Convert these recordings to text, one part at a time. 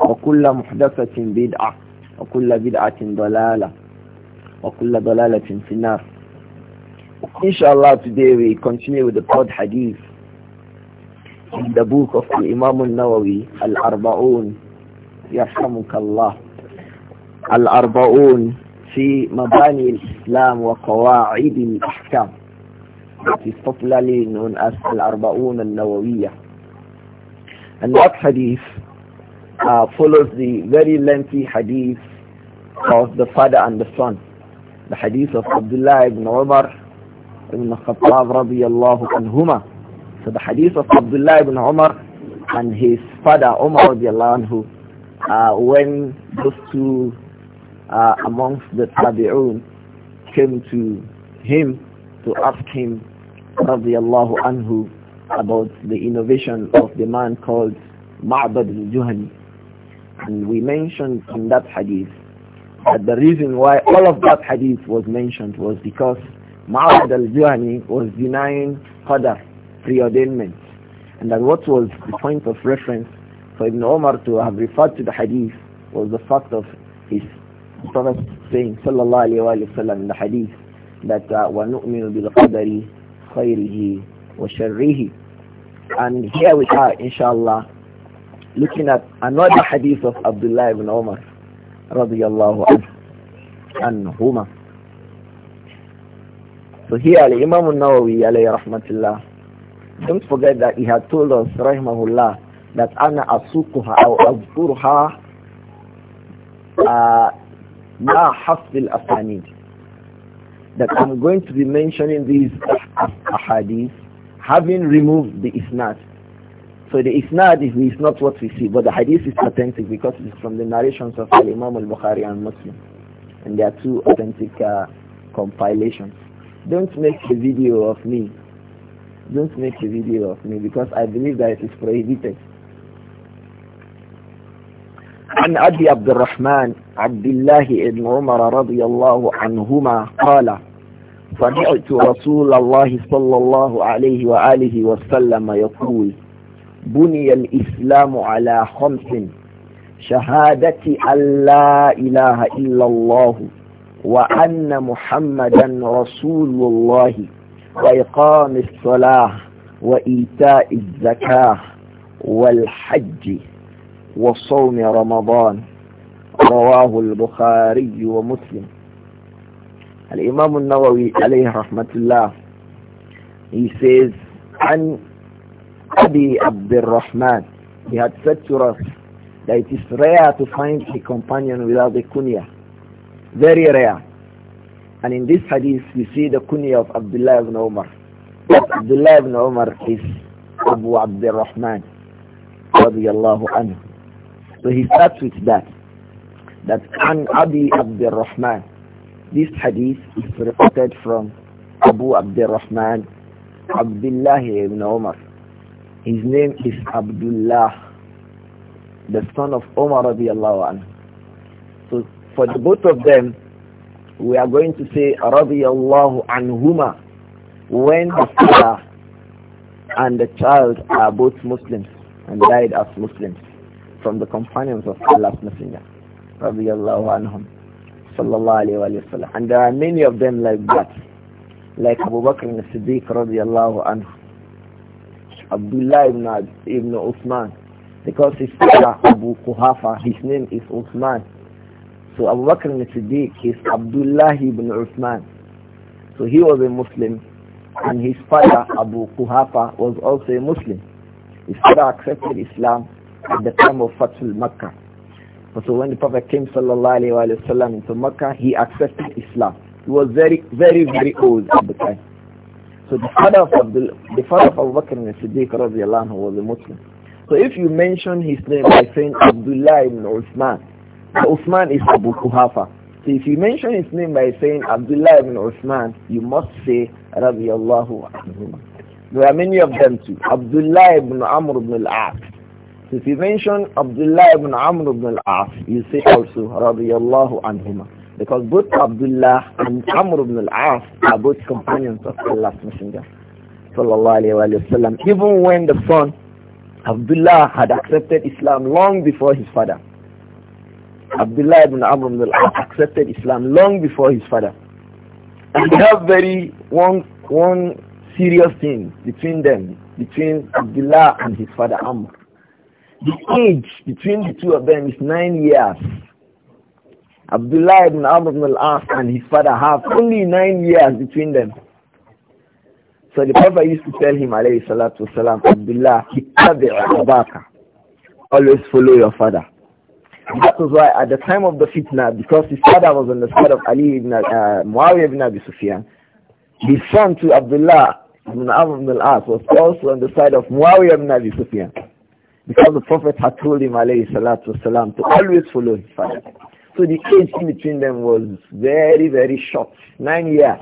وكل محدثة بدعة وكل بدعة ضلالة وكل ضلالة في النار Inshallah today we continue with the third hadith in the book of Imam al-Nawawi Al-Arba'un يرحمك الله الأربعون في مباني الإسلام وقواعد الأحكام is popularly known as Al-Arba'un al and that hadith uh, follows the very lengthy hadith of the father and the son. The hadith of Abdullah ibn Umar ibn Khattab radiyallahu anhuma. So the hadith of Abdullah ibn Umar and his father Umar radiyallahu anhu, uh, when those two uh, amongst the tabi'un came to him to ask him radiyallahu anhu about the innovation of the man called Ma'bad al-Juhani and we mentioned in that hadith that the reason why all of that hadith was mentioned was because Ma'ad al-Juhani was denying qadar, preordainment. And that what was the point of reference for Ibn Omar to have referred to the hadith was the fact of his Prophet saying, sallallahu alayhi wa sallam, in the hadith, that وَنُؤْمِنُ بِالْقَدَرِ خَيْرِهِ وَشَرِّهِ And here we are, inshallah, looking at another hadith of Abdullah ibn Umar radiyallahu anhu So here Imam al-Nawawi alayhi rahmatullah don't forget that he had told us rahimahullah that ana asuquha aw azkurha uh, ma hasb al-asanid that I'm going to be mentioning these hadiths having removed the isnad so the isnad is, is not what we see, but the hadith is authentic because it's from the narrations of al Imam al-Bukhari and Muslim. And there are two authentic uh, compilations. Don't make a video of me. Don't make a video of me because I believe that it is prohibited. عن أبي عبد الرحمن عبد الله بن عمر رضي الله عنهما قال سمعت رسول الله صلى الله عليه وآله وسلم يقول بني الإسلام على خمس شهادة أن لا إله إلا الله وأن محمدا رسول الله وإقام الصلاة وإيتاء الزكاة والحج وصوم رمضان رواه البخاري ومسلم الإمام النووي عليه رحمة الله he says عن Abi Abdurrahman, he had said to us that it is rare to find a companion without a kunya. Very rare. And in this hadith, we see the kunya of Abdullah ibn Umar. But Abdullah ibn Umar is Abu Abdurrahman, radiallahu anhu. So he starts with that. That an Abi Abdurrahman. This hadith is reported from Abu Abdurrahman, Abdullah ibn Umar. His name is Abdullah, the son of Omar radiallahu anhu. So for the both of them, we are going to say radiallahu anhuma when the father and the child are both Muslims and died as Muslims from the companions of Allah's Messenger radiallahu anhum sallallahu alayhi wa sallam. And there are many of them like that, like Abu Bakr as-Siddiq radiallahu Abdullah ibn, ibn Uthman because his father Abu Kuhafa, his name is Uthman. So Abu Bakr al-Siddiq is Abdullah ibn Uthman. So he was a Muslim and his father Abu Kuhafa was also a Muslim. His father accepted Islam at the time of Fatul Makkah. So when the Prophet came sallallahu alayhi wa sallam into Makkah, he accepted Islam. He was very, very, very old at the time. So the father of Abdul, the father of Abu Bakr al-Siddiq radiallahu anhu was a Muslim. So if you mention his name by saying Abdullah ibn Uthman, Uthman is Abu Kuhafa. So if you mention his name by saying Abdullah ibn Uthman, you must say radiallahu anhu. There are many of them too. Abdullah ibn Amr ibn al-As. So if you mention Abdullah ibn Amr ibn al-As, you say also radiallahu anhumah. Because both Abdullah and Amr ibn al-As are both companions of Allah's Messenger. Even when the son, Abdullah had accepted Islam long before his father. Abdullah ibn Amr ibn al-As accepted Islam long before his father. And they have very one, one serious thing between them, between Abdullah and his father Amr. The age between the two of them is nine years. Abdullah ibn Amr ibn al-As and his father have only nine years between them. So the Prophet used to tell him, alayhi salatu wasalam, Abdullah, always follow your father. that was why at the time of the fitna, because his father was on the side of Ali ibn, uh, Muawiyah ibn Abi Sufyan, his son to Abdullah ibn Amr ibn al-As was also on the side of Muawiyah ibn Abi Sufyan. Because the Prophet had told him, alayhi salatu wasalam, to always follow his father. So the age in between them was very, very short. Nine years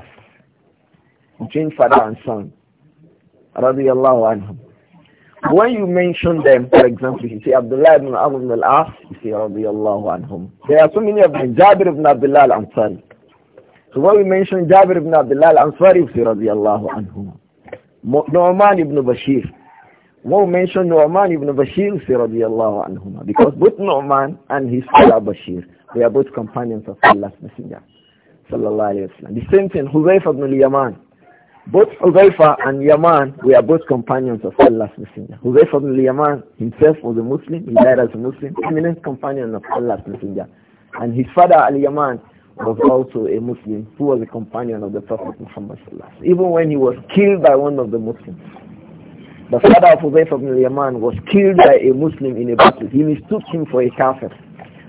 between father and son. Radiallahu anhum. When you mention them, for example, you say Abdullah ibn Amr ibn al-As, you say radiallahu anhum. There are so many of them. Jabir ibn Abdullah al-Ansari. So when we mention Jabir ibn Abdullah al-Ansari, we say radiallahu anhum. Nu'man ibn Bashir. When we mention Nu'man ibn Bashir, we say radiallahu anhum. Because both Nu'man and his father Bashir, they are both companions of Allah's Messenger. Sallallahu Alaihi Wasallam. The same thing, Huzaifa ibn al-Yaman. Both Huzaifa and Yaman are both companions of Allah's Messenger. Huzaifa ibn al-Yaman himself was a Muslim. He died as a Muslim. Eminent companion of Allah's Messenger. And his father, al-Yaman, was also a Muslim who was a companion of the Prophet Muhammad Sallallahu Even when he was killed by one of the Muslims. The father of Huzaifa ibn al-Yaman was killed by a Muslim in a battle. He mistook him for a kafir.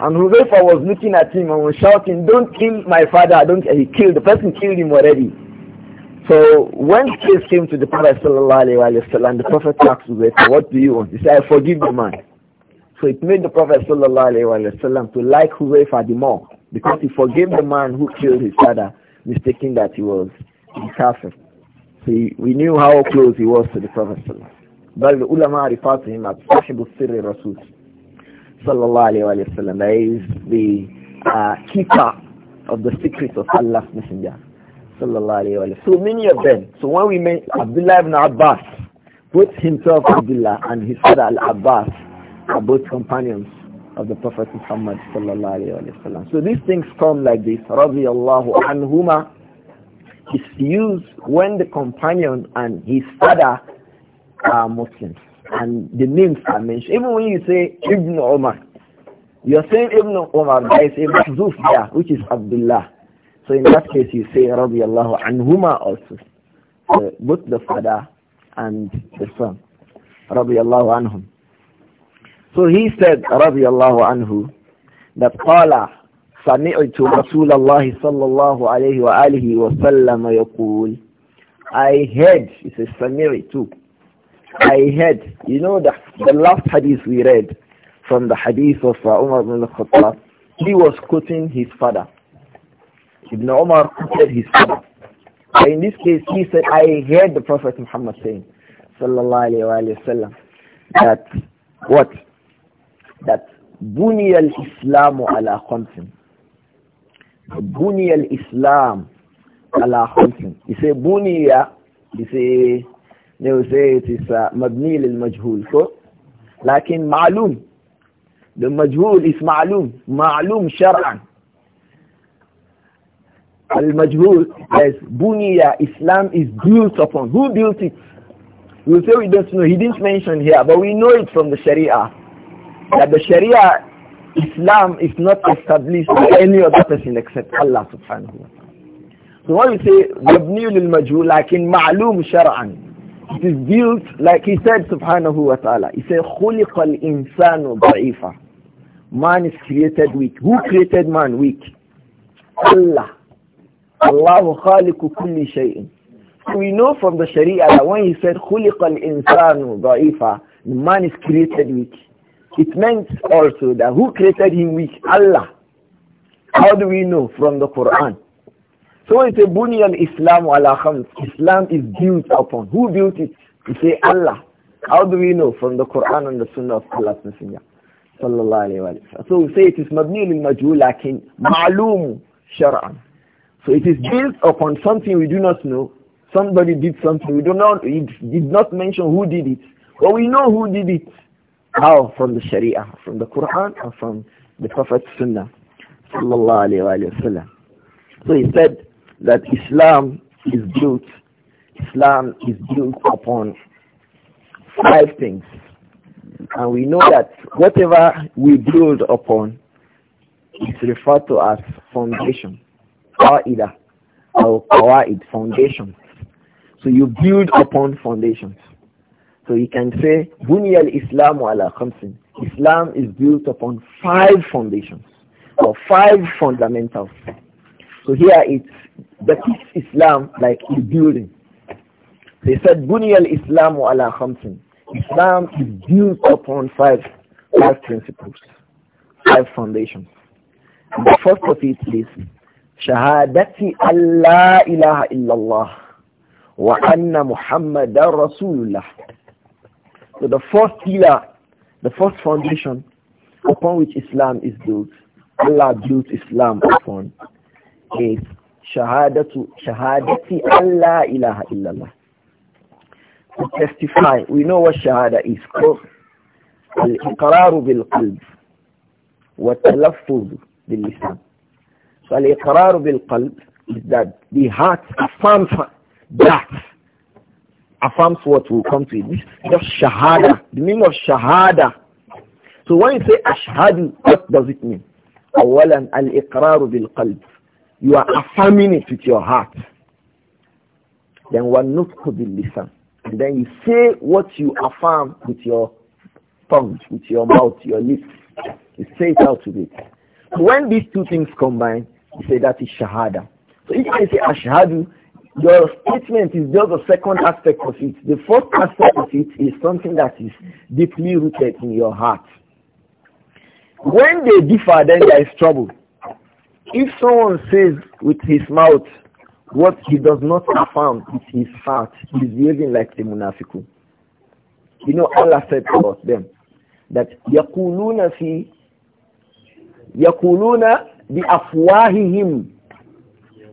And Huzaifa was looking at him and was shouting, don't kill my father, don't, he killed, the person killed him already. So when the case came to the Prophet wasallam, the Prophet asked Huzaifa, what do you want? He said, I forgive the man. So it made the Prophet wasallam to like Huzaifa the more because he forgave the man who killed his father, mistaking that he was the kafir. So we knew how close he was to the Prophet. But the ulama referred to him as Sahib al-Sirri Rasul sallallahu alayhi wa sallam. That is the uh, keeper of the secrets of Allah's messenger sallallahu alayhi wa sallam. So many of them. So when we met Abdullah ibn Abbas, both himself Abdullah and his father Al-Abbas are both companions of the Prophet Muhammad sallallahu alayhi wa sallam. So these things come like this. Radiallahu anhuma is used when the companion and his father are Muslims and the names are mentioned. Even when you say Ibn Omar, you're saying Ibn Omar. there is a Mahzuf which is Abdullah. So in that case, you say Radiallahu Anhuma also. So both the father and the son. and Anhum. So he said, Radiallahu Anhu, that Qala, سمعت رسول الله صلى الله عليه وآله وسلم يقول I heard, he says, سمعت I heard, you know, the, the last hadith we read from the hadith of uh, Umar ibn al-Khattab, he was quoting his father. Ibn Umar quoted his father. And in this case, he said, I heard the Prophet Muhammad saying, sallallahu alayhi wa sallam, that what? That بُنِيَ Ala عَلَى خَمْسٍ بُنِيَ الْإِسْلَامُ عَلَى خَمْسٍ He said, Buniya, he said, نوزيتي سا مبني للمجهول كو لكن معلوم lil اسم معلوم معلوم شرعا المجهول is ma'lum ma'lum as buniya islam is built upon who built it we say we don't know he didn't mention here but we know it from the sharia that the sharia islam is not established by any other person except allah subhanahu wa ta'ala so when we say مبني للمجهول لكن معلوم شرعا It is built, like he said, subhanahu wa ta'ala. He said, خُلِقَ الْإِنسَانُ ضَعِيفًا Man is created weak. Who created man weak? Allah. Allahu khaliqu kulli shay'in. We know from the Sharia that when he said, خُلِقَ الْإِنسَانُ ضَعِيفًا Man is created weak. It meant also that who created him weak? Allah. How do we know from the Quran? So it's a bunyan Islam ala khams. Islam is built upon. Who built it? You say Allah. How do we know? From the Quran and the Sunnah of Allah's Messenger. Sallallahu alayhi wa So we say it is mabni lil majhul lakin ma'lum shar'an. So it is built upon something we do not know. Somebody did something. We do not, it did not mention who did it. But we know who did it. How? From the Sharia, from the Quran and from the Prophet's Sunnah. Sallallahu alayhi wa So he said, that Islam is built, Islam is built upon five things. And we know that whatever we build upon is referred to as foundation, qaida, or qawaid, foundation. So you build upon foundations. So you can say, Bunyal Islam ala khamsin. Islam is built upon five foundations, or five fundamentals. So here it's the peace Islam like a building. They said Bunyal Islam ala khamsin. Islam is built upon five five principles, five foundations. And the first of it is Shahadati Allah ilaha illallah wa anna Muhammadan Rasulullah. So the first pillar, the first foundation upon which Islam is built, Allah built Islam upon is shahadatu shahadati Allah ilaha illallah. To testify, we know what shahada is. Al-iqraru bil-qalb wa talaffuz bil-lisan. So al-iqraru bil-qalb is that the heart affirms that affirms what will come to it. This is shahada, the meaning of shahada. So when you say ashhadu, what does it mean? أولا الإقرار بالقلب You are affirming it with your heart. Then one not could be listen, And then you say what you affirm with your tongue, with your mouth, your lips. You say it out with it. So when these two things combine, you say that is shahada. So if I say ashadu, your statement is just a second aspect of it. The first aspect of it is something that is deeply rooted in your heart. When they differ, then there is trouble. If someone says with his mouth what he does not affirm with his heart, he is behaving like a munafiqun. You know, Allah said about them that يَقُولُونَ فِي يَقُولُونَ afwahihim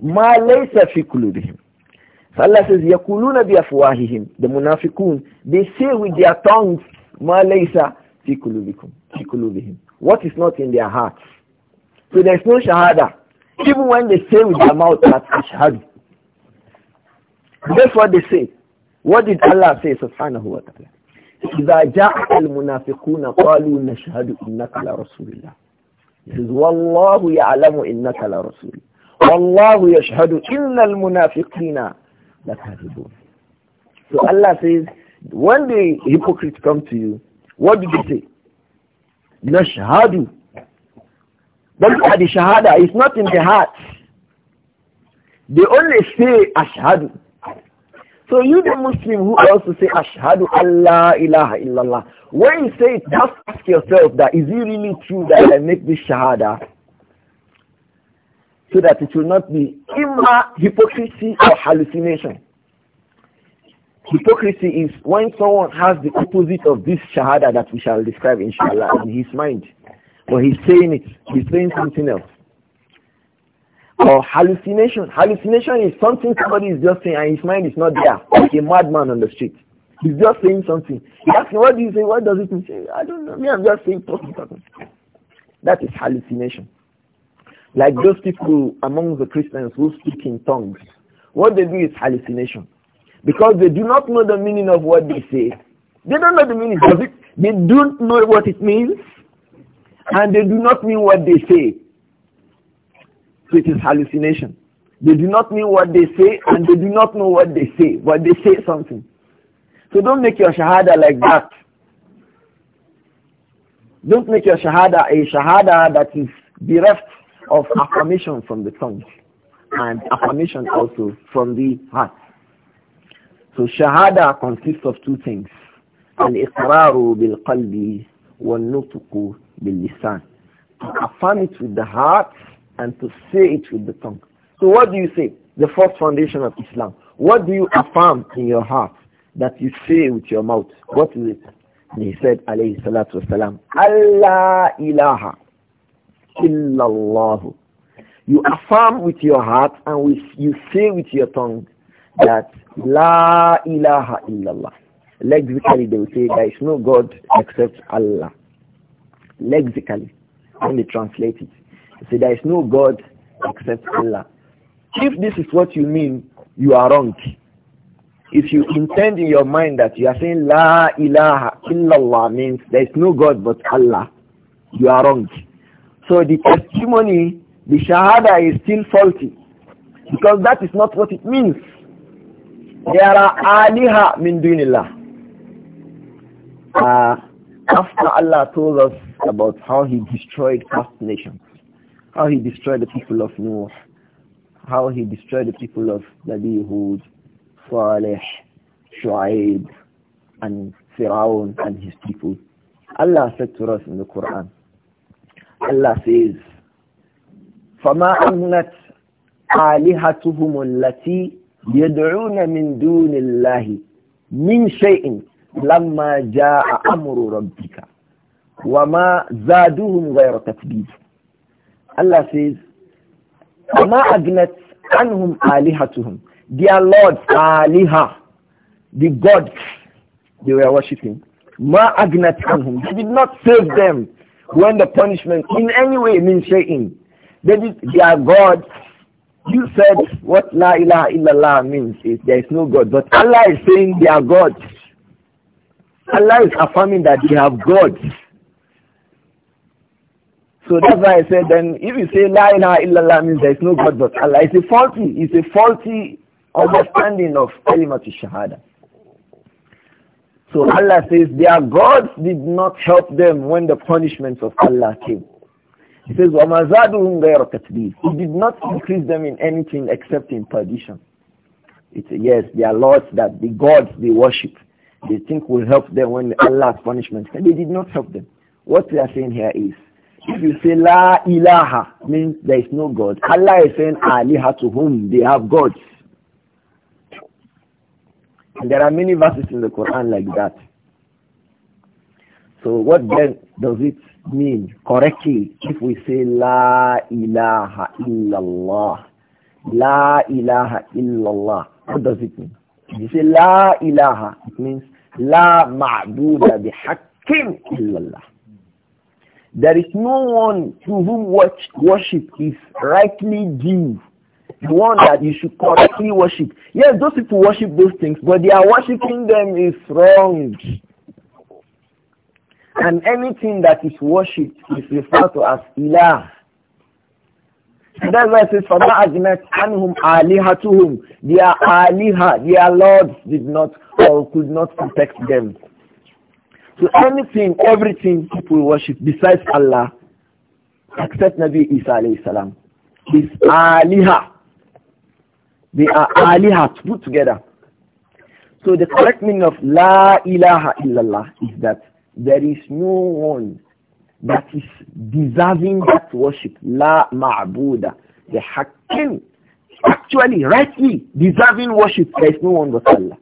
ma لَيْسَ fi قُلُوبِهِمْ so Allah says bi afwahihim. The munafiqun, they say with their tongues ma لَيْسَ فِي What is not in their hearts. So there's no shahada. Even when they say with their mouth that ashhadu. That's what they say. What did Allah say subhanahu wa ta'ala? إذا جاءك المنافقون قالوا نشهد إنك لرسول الله. He says, والله يعلم إنك لرسول والله يشهد إن المنافقين لكاذبون. So Allah says, when the hypocrites come to you, what do they say? نشهد don't the shahada, it's not in the heart. They only say ashhadu. So you the Muslim who also say ashhadu Allah ilaha illallah. When you say it, just ask yourself that is it really true that I make this shahada? So that it will not be imma hypocrisy or hallucination. Hypocrisy is when someone has the opposite of this shahada that we shall describe inshallah in his mind. But he's saying it. He's saying something else. Or hallucination. Hallucination is something somebody is just saying and his mind is not there. Like a madman on the street. He's just saying something. He asks what do you say? What does it mean? Say, I don't know. Me, I'm just saying talking, talking. That is hallucination. Like those people among the Christians who speak in tongues. What they do is hallucination. Because they do not know the meaning of what they say. They don't know the meaning of it. They don't know what it means. And they do not mean what they say. it is hallucination. They do not mean what they say and they do not know what they say, but they say something. So don't make your shahada like that. Don't make your shahada a shahada that is bereft of affirmation from the tongue and affirmation also from the heart. So shahada consists of two things. al bil-qalbi wa باللسان to affirm it with the heart and to say it with the tongue so what do you say the first foundation of Islam what do you affirm in your heart that you say with your mouth what is it and he said alayhi salatu wasalam Allah ilaha illallah you affirm with your heart and with, you say with your tongue that La ilaha illallah. Lexically they will say there is no God except Allah lexically when they translate it. They say there is no God except Allah. If this is what you mean, you are wrong. If you intend in your mind that you are saying La ilaha illallah means there is no God but Allah, you are wrong. So the testimony, the shahada is still faulty because that is not what it means. There are aliha min dunillah. Uh, after Allah told us about how he destroyed past nations, how he destroyed the people of Noah, how he destroyed the people of Nabi Hud, Saleh, Shu'aib, and Firaun and his people. Allah said to us in the Quran, Allah says, فَمَا أَمْنَتْ آلِهَتُهُمُ الَّتِي يَدْعُونَ مِن دُونِ اللَّهِ مِن شَيْءٍ لَمَّا جَاءَ أَمْرُ رَبِّكَ وَمَا زَادُوهُمْ غَيْرَ تَتْبِيدٍ Allah says, وَمَا أَغْنَتْ عَنْهُمْ آلِهَتُهُمْ Their lords, aliha, the gods they were worshipping, مَا agnat عَنْهُمْ They did not save them when the punishment in any way means saying. They did, their gods you said what La ilaha illallah means is there is no God, but Allah is saying they are gods. Allah is affirming that they have gods. So that's why I said then if you say La ilaha illallah means there is no God but Allah, it's a faulty, it's a faulty understanding of kalimatu shahada. So Allah says their gods did not help them when the punishments of Allah came. He says, وَمَزَادُهُمْ زَادُهُمْ غَيْرَ تَتْبِيرٍ He did not increase them in anything except in perdition. It's, yes, their lords that the gods they worship, they think will help them when Allah's punishment. And they did not help them. What we are saying here is, if you say La ilaha means there is no God. Allah is saying Aliha to whom they have gods. And there are many verses in the Quran like that. So what then does it mean correctly if we say La ilaha illallah? La ilaha illallah. What does it mean? If you say La ilaha, it means La ma'buda bihaqqin illallah. There is no one to whom worship is rightly due. The one that you should correctly worship. Yes, those people worship those things, but they are worshiping them is wrong. And anything that is worshipped is referred to as ilah. So that's why it says, فَمَا أَجْنَتْ to whom, Their aliha, their lords did not or could not protect them. So anything, everything people worship besides Allah, except Nabi Isa alayhi salam, is aliha. They are aliha put together. So the correct meaning of La ilaha illallah is that there is no one that is deserving that worship. La ma'buda. The hakim, actually, rightly, deserving worship. There is no one but Allah.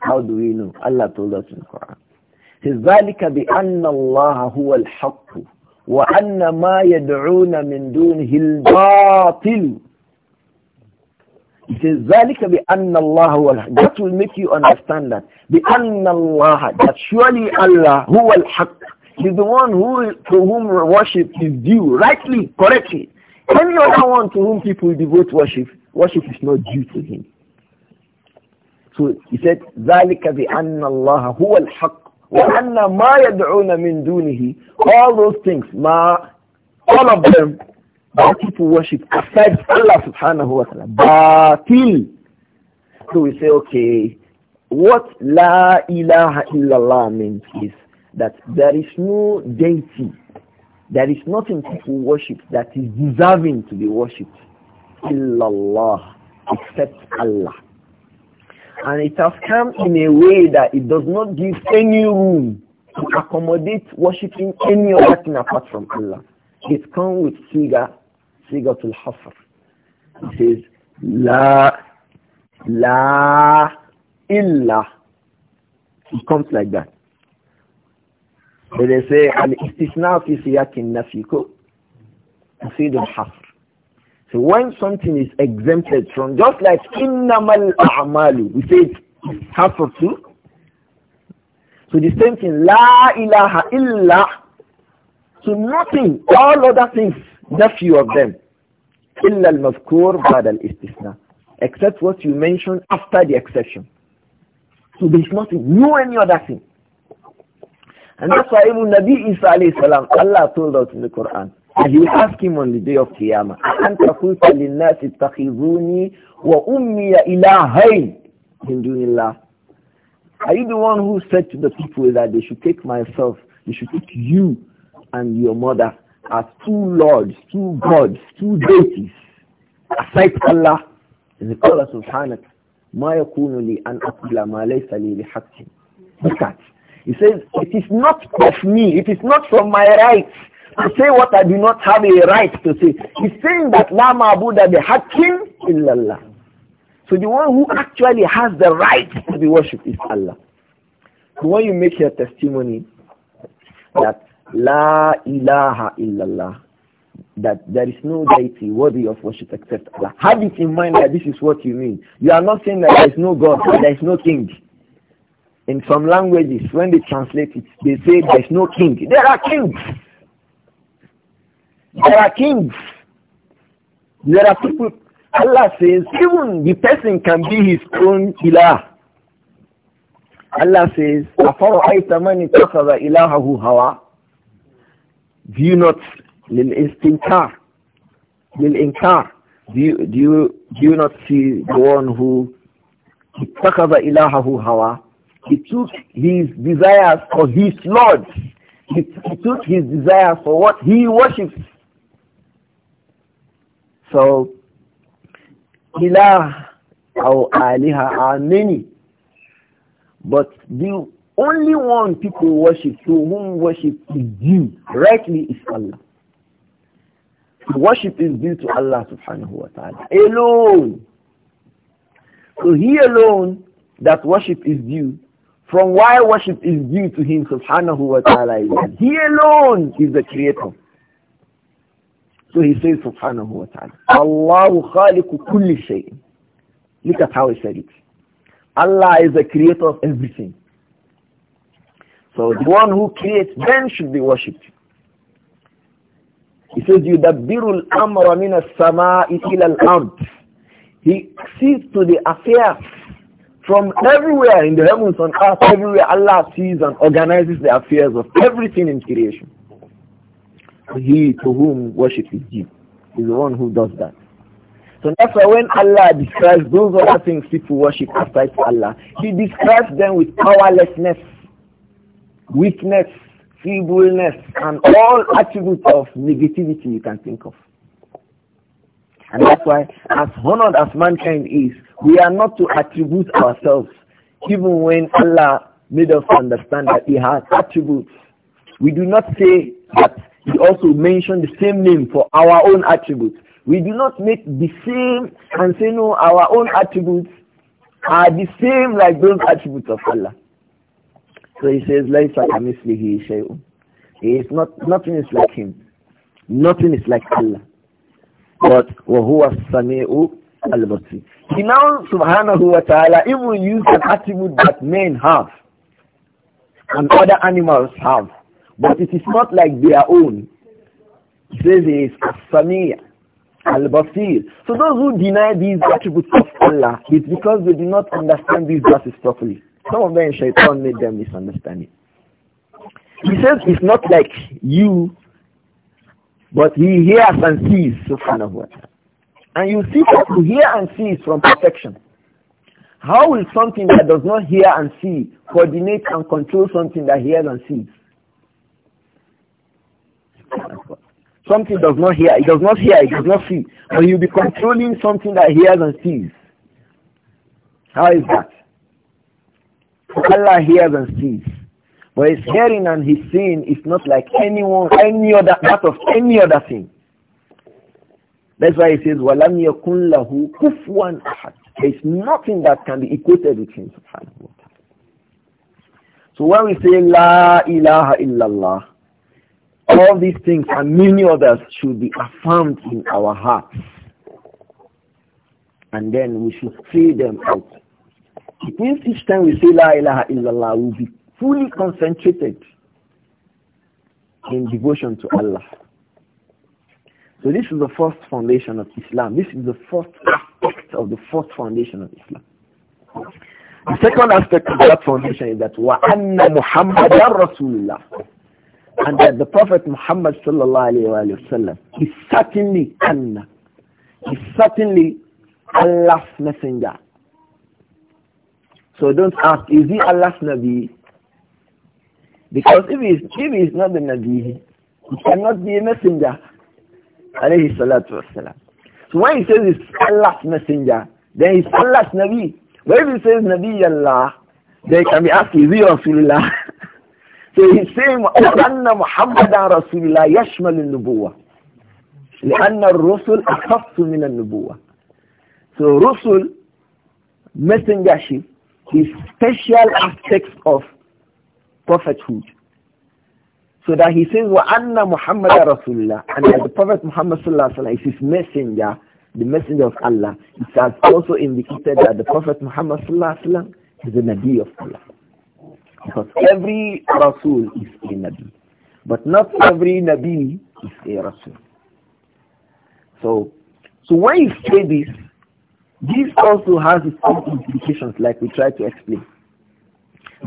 How do we know? Allah told us in Quran says, ذَلِكَ بِأَنَّ اللَّهَ هُوَ الْحَقُّ وَأَنَّ مَا يَدْعُونَ مِن دُونِهِ الْبَاطِلُ It says, ذَلِكَ بِأَنَّ اللَّهَ هُوَ الْحَقُّ That will make you understand that. بِأَنَّ اللَّهَ That surely Allah, هُوَ الْحَقُّ He's the one who, to whom worship is due, rightly, correctly. Any other one to whom people devote worship, worship is not due to him. So he said, ذَلِكَ بِأَنَّ اللَّهَ هُوَ الْحَقُّ وَأَنَّ مَا يَدْعُونَ مِن دُونِهِ All those things, ma, all of them, that people worship aside Allah subhanahu wa ta'ala. Batil. So we say, okay, what La ilaha illallah means is that there is no deity, there is nothing people worship that is deserving to be worshipped. Illallah, except Allah and it has come in a way that it does not give any room to accommodate worshipping any other thing apart from Allah. It comes with siga, siga to hasr. It says, La, La, Illa. It comes like that. So they say, Al-istisna fi siyakin nafiko, tufidul hasr. So when something is exempted from, just like innamal a'malu, we say it's half of two. So the same thing, la ilaha illa. So nothing, all other things, few of them. Illa al-mazkur ba'd al-istisna. Except what you mentioned after the exception. So there is nothing, no any other thing. And that's why Ibn Nabi Isa alayhi salam, Allah told us in the Quran, and he ask him on the day of Qiyamah, أَنْتَ قُلْتَ لِلنَّاسِ اتَّخِذُونِي وَأُمِّيَ إِلَهَيْنِ مِنْ دُونِ اللَّهِ Are you the one who said to the people that they should take myself, they should take you and your mother as two lords, two gods, two deities, aside Allah? And the subhanahu مَا ma yakunu li an مَا لَيْسَ لِي لِحَقٍّ Look at. He says, it is not of me, it is not from my rights to say what I do not have a right to say. He's saying that La Ma'buda in illallah. So the one who actually has the right to be worshipped is Allah. So when you make your testimony that La ilaha illallah, that there is no deity worthy of worship except Allah. Have it in mind that this is what you mean. You are not saying that there is no God, there is no king. In some languages, when they translate it, they say there is no king. There are kings. There are kings. There are people. Allah says even the person can be his own ilah. Allah says, أَفَرَأَيْتَ مَنِ اتَّخَذَ إِلَهَهُ Do you not لِلْإِسْتِنْكَارِ inkar? do you, do you, do you not see the one who takaza إِلَهَهُ هَوَى He took his desires for his Lord. He, he took his desires for what he worships so, ilah or aliha are many. But the only one people worship, to whom worship is due, rightly is Allah. worship is due to Allah subhanahu wa ta'ala. Alone. So he alone that worship is due. From why worship is due to him subhanahu wa ta'ala. He alone is the creator. So he says, subhanahu wa ta'ala, Allahu khaliqu kulli shay'in. Look at how he said it. Allah is the creator of everything. So the one who creates then should be worshipped. He says, يُدَبِّرُ الْأَمْرَ مِنَ السَّمَاءِ إِلَى الْأَرْضِ He sees to the affairs from everywhere in the heavens and earth, everywhere Allah sees and organizes the affairs of everything in creation he to whom worship is due is the one who does that. So that's why when Allah describes those other things people worship aside Allah, He describes them with powerlessness, weakness, feebleness, and all attributes of negativity you can think of. And that's why, as honored as mankind is, we are not to attribute ourselves, even when Allah made us understand that He has attributes. We do not say that he also mentioned the same name for our own attributes. We do not make the same and say, no, our own attributes are the same like those attributes of Allah. So he says, لَيْسَ كَمِثْلِهِ شَيْءٌ He is not, nothing is like him. Nothing is like Allah. But وَهُوَ السَّمِيعُ الْبَصِيرُ He now, subhanahu wa ta'ala, even used an attribute that men have and other animals have. But it is not like their own. This is it is Samir, Al-Basir. So those who deny these attributes of Allah, it's because they do not understand these verses properly. Some of them, Shaitan made them misunderstand it. He says it's not like you, but he hears and sees, subhanahu wa ta'ala. And you see that to hear and see is from perfection. How will something that does not hear and see coordinate and control something that hears and sees? Something does not hear, it does not hear, it does not see. But you'll be controlling something that hears and sees. How is that? Allah hears and sees. But his hearing and his seeing is not like anyone, any other, that of any other thing. That's why he says, وَلَمْ يَكُنْ لَهُ كُفْوًا أَحَدٍ There's nothing that can be equated with him, subhanahu wa ta'ala. So when we say, La ilaha illallah, all these things and many others should be affirmed in our hearts. And then we should say them out. It means each time we say La ilaha illallah, we'll be fully concentrated in devotion to Allah. So this is the first foundation of Islam. This is the first aspect of the first foundation of Islam. The second aspect of that foundation is that wa anna رَسُولُ Rasulullah and that the Prophet Muhammad sallallahu alayhi wa sallam is certainly Anna, he certainly Allah's messenger. So don't ask, is he Allah's Nabi? Because if he is, if he is not the Nabi, he cannot be a messenger. Alayhi salatu wasalam. So when he says he Allah's messenger, then he's Allah's Nabi. When he says Nabi Allah, they can be asked, is he Rasulullah? So he's saying, أَنَّ مُحَمَّدًا رَسُولُ اللَّهِ يَشْمَلُ النُّبُوَّةِ لأن الرسل أخف من النبوة so رسل messengership is special aspects of prophethood so that he says وَأَنَّ مُحَمَّدَ رَسُولُ اللَّهِ and that the prophet Muhammad صلى الله عليه وسلم is his messenger the messenger of Allah it has also indicated that the prophet Muhammad صلى الله عليه وسلم is the Nabi of Allah because every Rasul is a Nabi. But not every Nabi is a Rasul. So, so when you say this, this also has its own implications like we try to explain.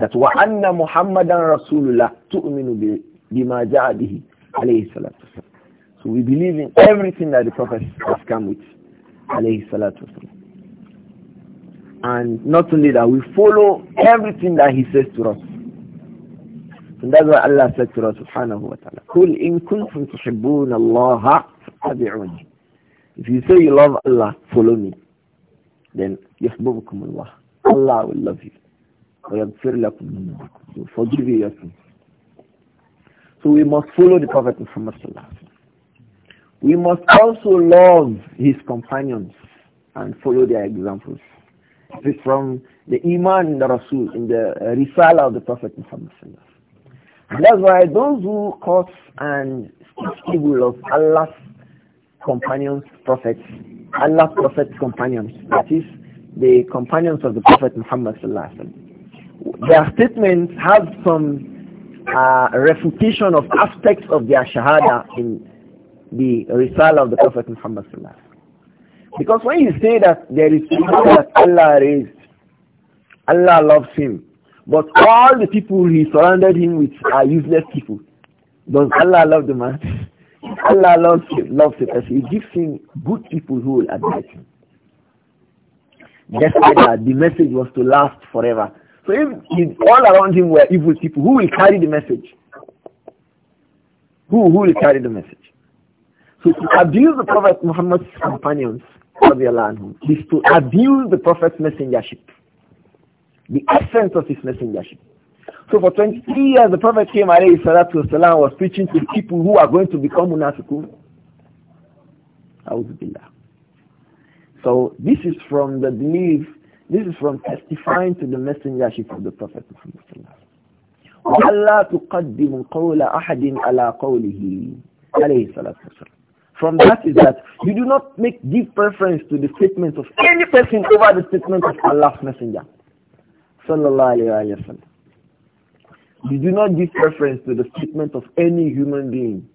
That وَأَنَّ مُحَمَّدًا رَسُولُ اللَّهِ تُؤْمِنُ بِمَا جَاءَ بِهِ عَلَيْهِ الصَّلَاةُ So we believe in everything that the Prophet has come with alayhi salatu And not only that, we follow everything that he says to us. And that's why Allah said to us, subhanahu wa ta'ala, قُلْ إِن كُنْتُمْ تُحِبُّونَ اللَّهَ فَاتَّبِعُونِي If you say you love Allah, follow me. Then يَحْبُبُكُمُ اللَّهُ Allah will love you. وَيَغْفِرْ لَكُمْ مِنْ Will forgive you your So we must follow the Prophet Muhammad sallallahu We must also love his companions and follow their examples. This is from the Iman in the Rasul, in the Risala of the Prophet Muhammad sallallahu that's why those who curse and speak evil of Allah's companions, prophets, Allah's prophets' companions, that is, the companions of the Prophet Muhammad their statements have some uh, refutation of aspects of their shahada in the Risala of the Prophet Muhammad Because when you say that there is people that Allah raised, Allah loves him, but all the people he surrounded him with are useless people. Does Allah love the man? Allah loves him, loves the as He gives him good people who will advise him. like that, the message was to last forever. So if, if all around him were evil people, who will carry the message? Who, who will carry the message? So to abuse the Prophet Muhammad's companions is to abuse the Prophet's messengership the essence of his messengership. So for 23 years, the Prophet came alayhi salatu wasalam, was preaching to people who are going to become munafiqun. Billah. So this is from the belief, this is from testifying to the messengership of the Prophet Muhammad From that is that you do not make give preference to the statement of any person over the statement of Allah's messenger sallallahu alayhi wa You do not give preference to the statement of any human being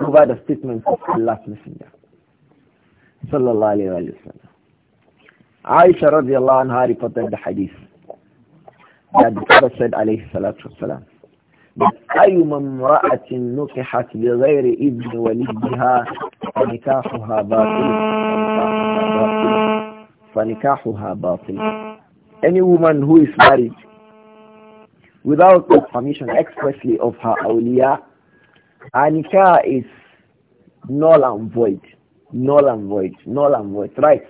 over the statement of Allah's Messenger sallallahu alayhi wa Aisha radiallahu anha reported the hadith that the Prophet said alayhi salatu wasalam that أيما امرأة نكحت لغير إذن وليها فنكاحها باطل فنكاحها باطل any woman who is married without the permission expressly of her awliya, her nikah is null and void. Null and void. Null and void. Right.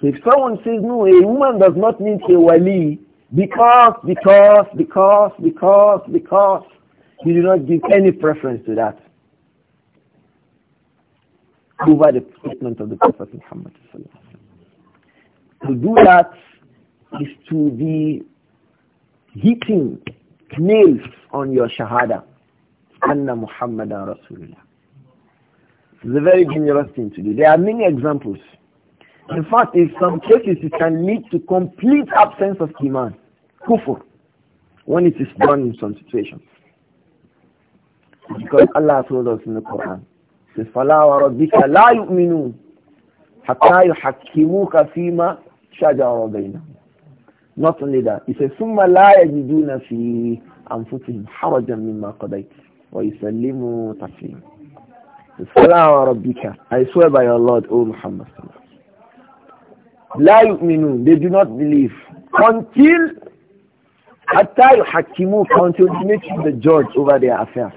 So if someone says, no, a woman does not need a wali because, because, because, because, because, you do not give any preference to that over the statement of the Prophet Muhammad. To do that is to be hitting nails on your shahada. Anna Muhammadan Rasulullah. It's a very generous thing to do. There are many examples. In fact, in some cases, it can lead to complete absence of iman, kufr, when it is done in some situations. Because Allah told us in the Quran, says, فَلَا وَرَبِّكَ لَا يُؤْمِنُونَ حَتَّى يُحَكِّمُوكَ شَجَرَ بَيْنَهُمْ Not only that, he says, ثُمَّ لَا يَجِدُونَ فِي أَنفُسِهِمْ حَرَجًا مِمَّا قَضَيْتَ وَيُسَلِّمُوا تَسْلِيمًا Salam rabbika. I swear by your Lord, O Muhammad. La yu'minun. They do not believe. Until hatta yuhakimu. Until they make the judge over their affairs.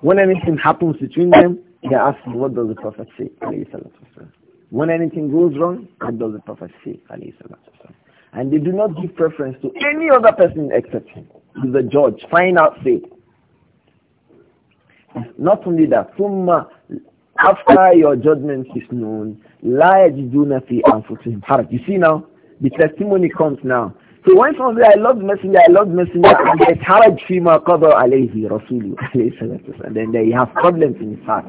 When anything happens between them, they ask what does the Prophet say? When anything goes wrong, what does the Prophet say? And they do not give preference to any other person except him. He's the judge. Find out say. Not only that, summa after your judgment is known, lie do fi and for him. You see now, the testimony comes now. So when someone says, I love messenger, I love messenger, and there's haraj ma qadar alayhi rasulu, and then they have problems in his heart.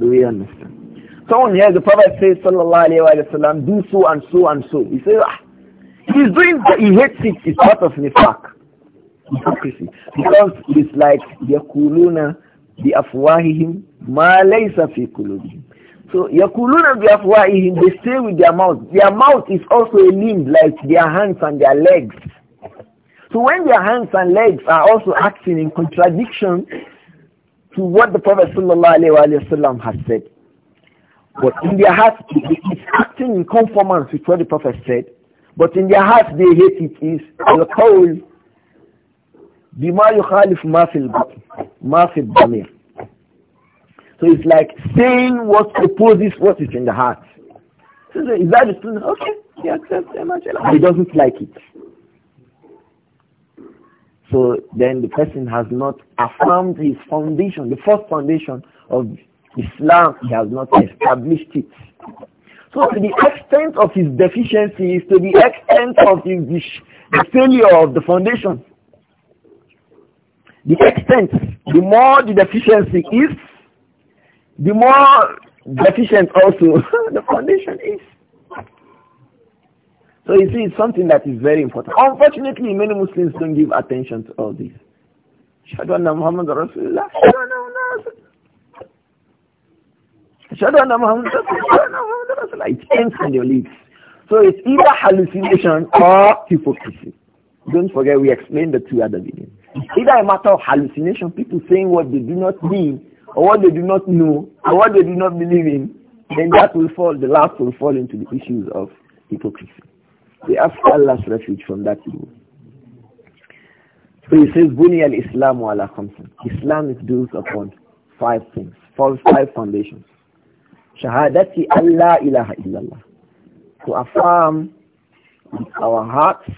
Do we understand? Someone hears the Prophet says, sallallahu alayhi wasallam, do so and so and so. He says, ah, he's doing, that. he hates it. It's part of nifaq. Hypocrisy. Because it's like, yakuluna biafwahihim ma laysa fi kulubihim. So yakuluna biafwahihim, they say with their mouth. Their mouth is also a limb, like their hands and their legs. So when their hands and legs are also acting in contradiction to what the Prophet wasallam has said, but in their heart, it's acting in conformance with what the Prophet said. But in their heart, they hate it. Is al-qawl bima yukhalif ma damir. So it's like saying what opposes what is in the heart. So is that the student? Okay, he accepts He doesn't like it. So then the person has not affirmed his foundation, the first foundation of Islam, he has not established it. So to the extent of his deficiency is to the extent of his, the failure of the foundation. The extent, the more the deficiency is, the more deficient also the foundation is. So you see, it's something that is very important. Unfortunately, many Muslims don't give attention to all this. Shadwana Muhammad Rasulullah. It ends your lips. So it's either hallucination or hypocrisy. Don't forget we explained the two at the beginning. It's either a matter of hallucination, people saying what they do not mean, or what they do not know, or what they do not believe in, then that will fall, the last will fall into the issues of hypocrisy. We ask Allah's refuge from that evil. So he says, Buni al-Islamu ala khamsin. Islam is built upon five things, five foundations. Shahadati Allah ilaha illallah. To affirm with our hearts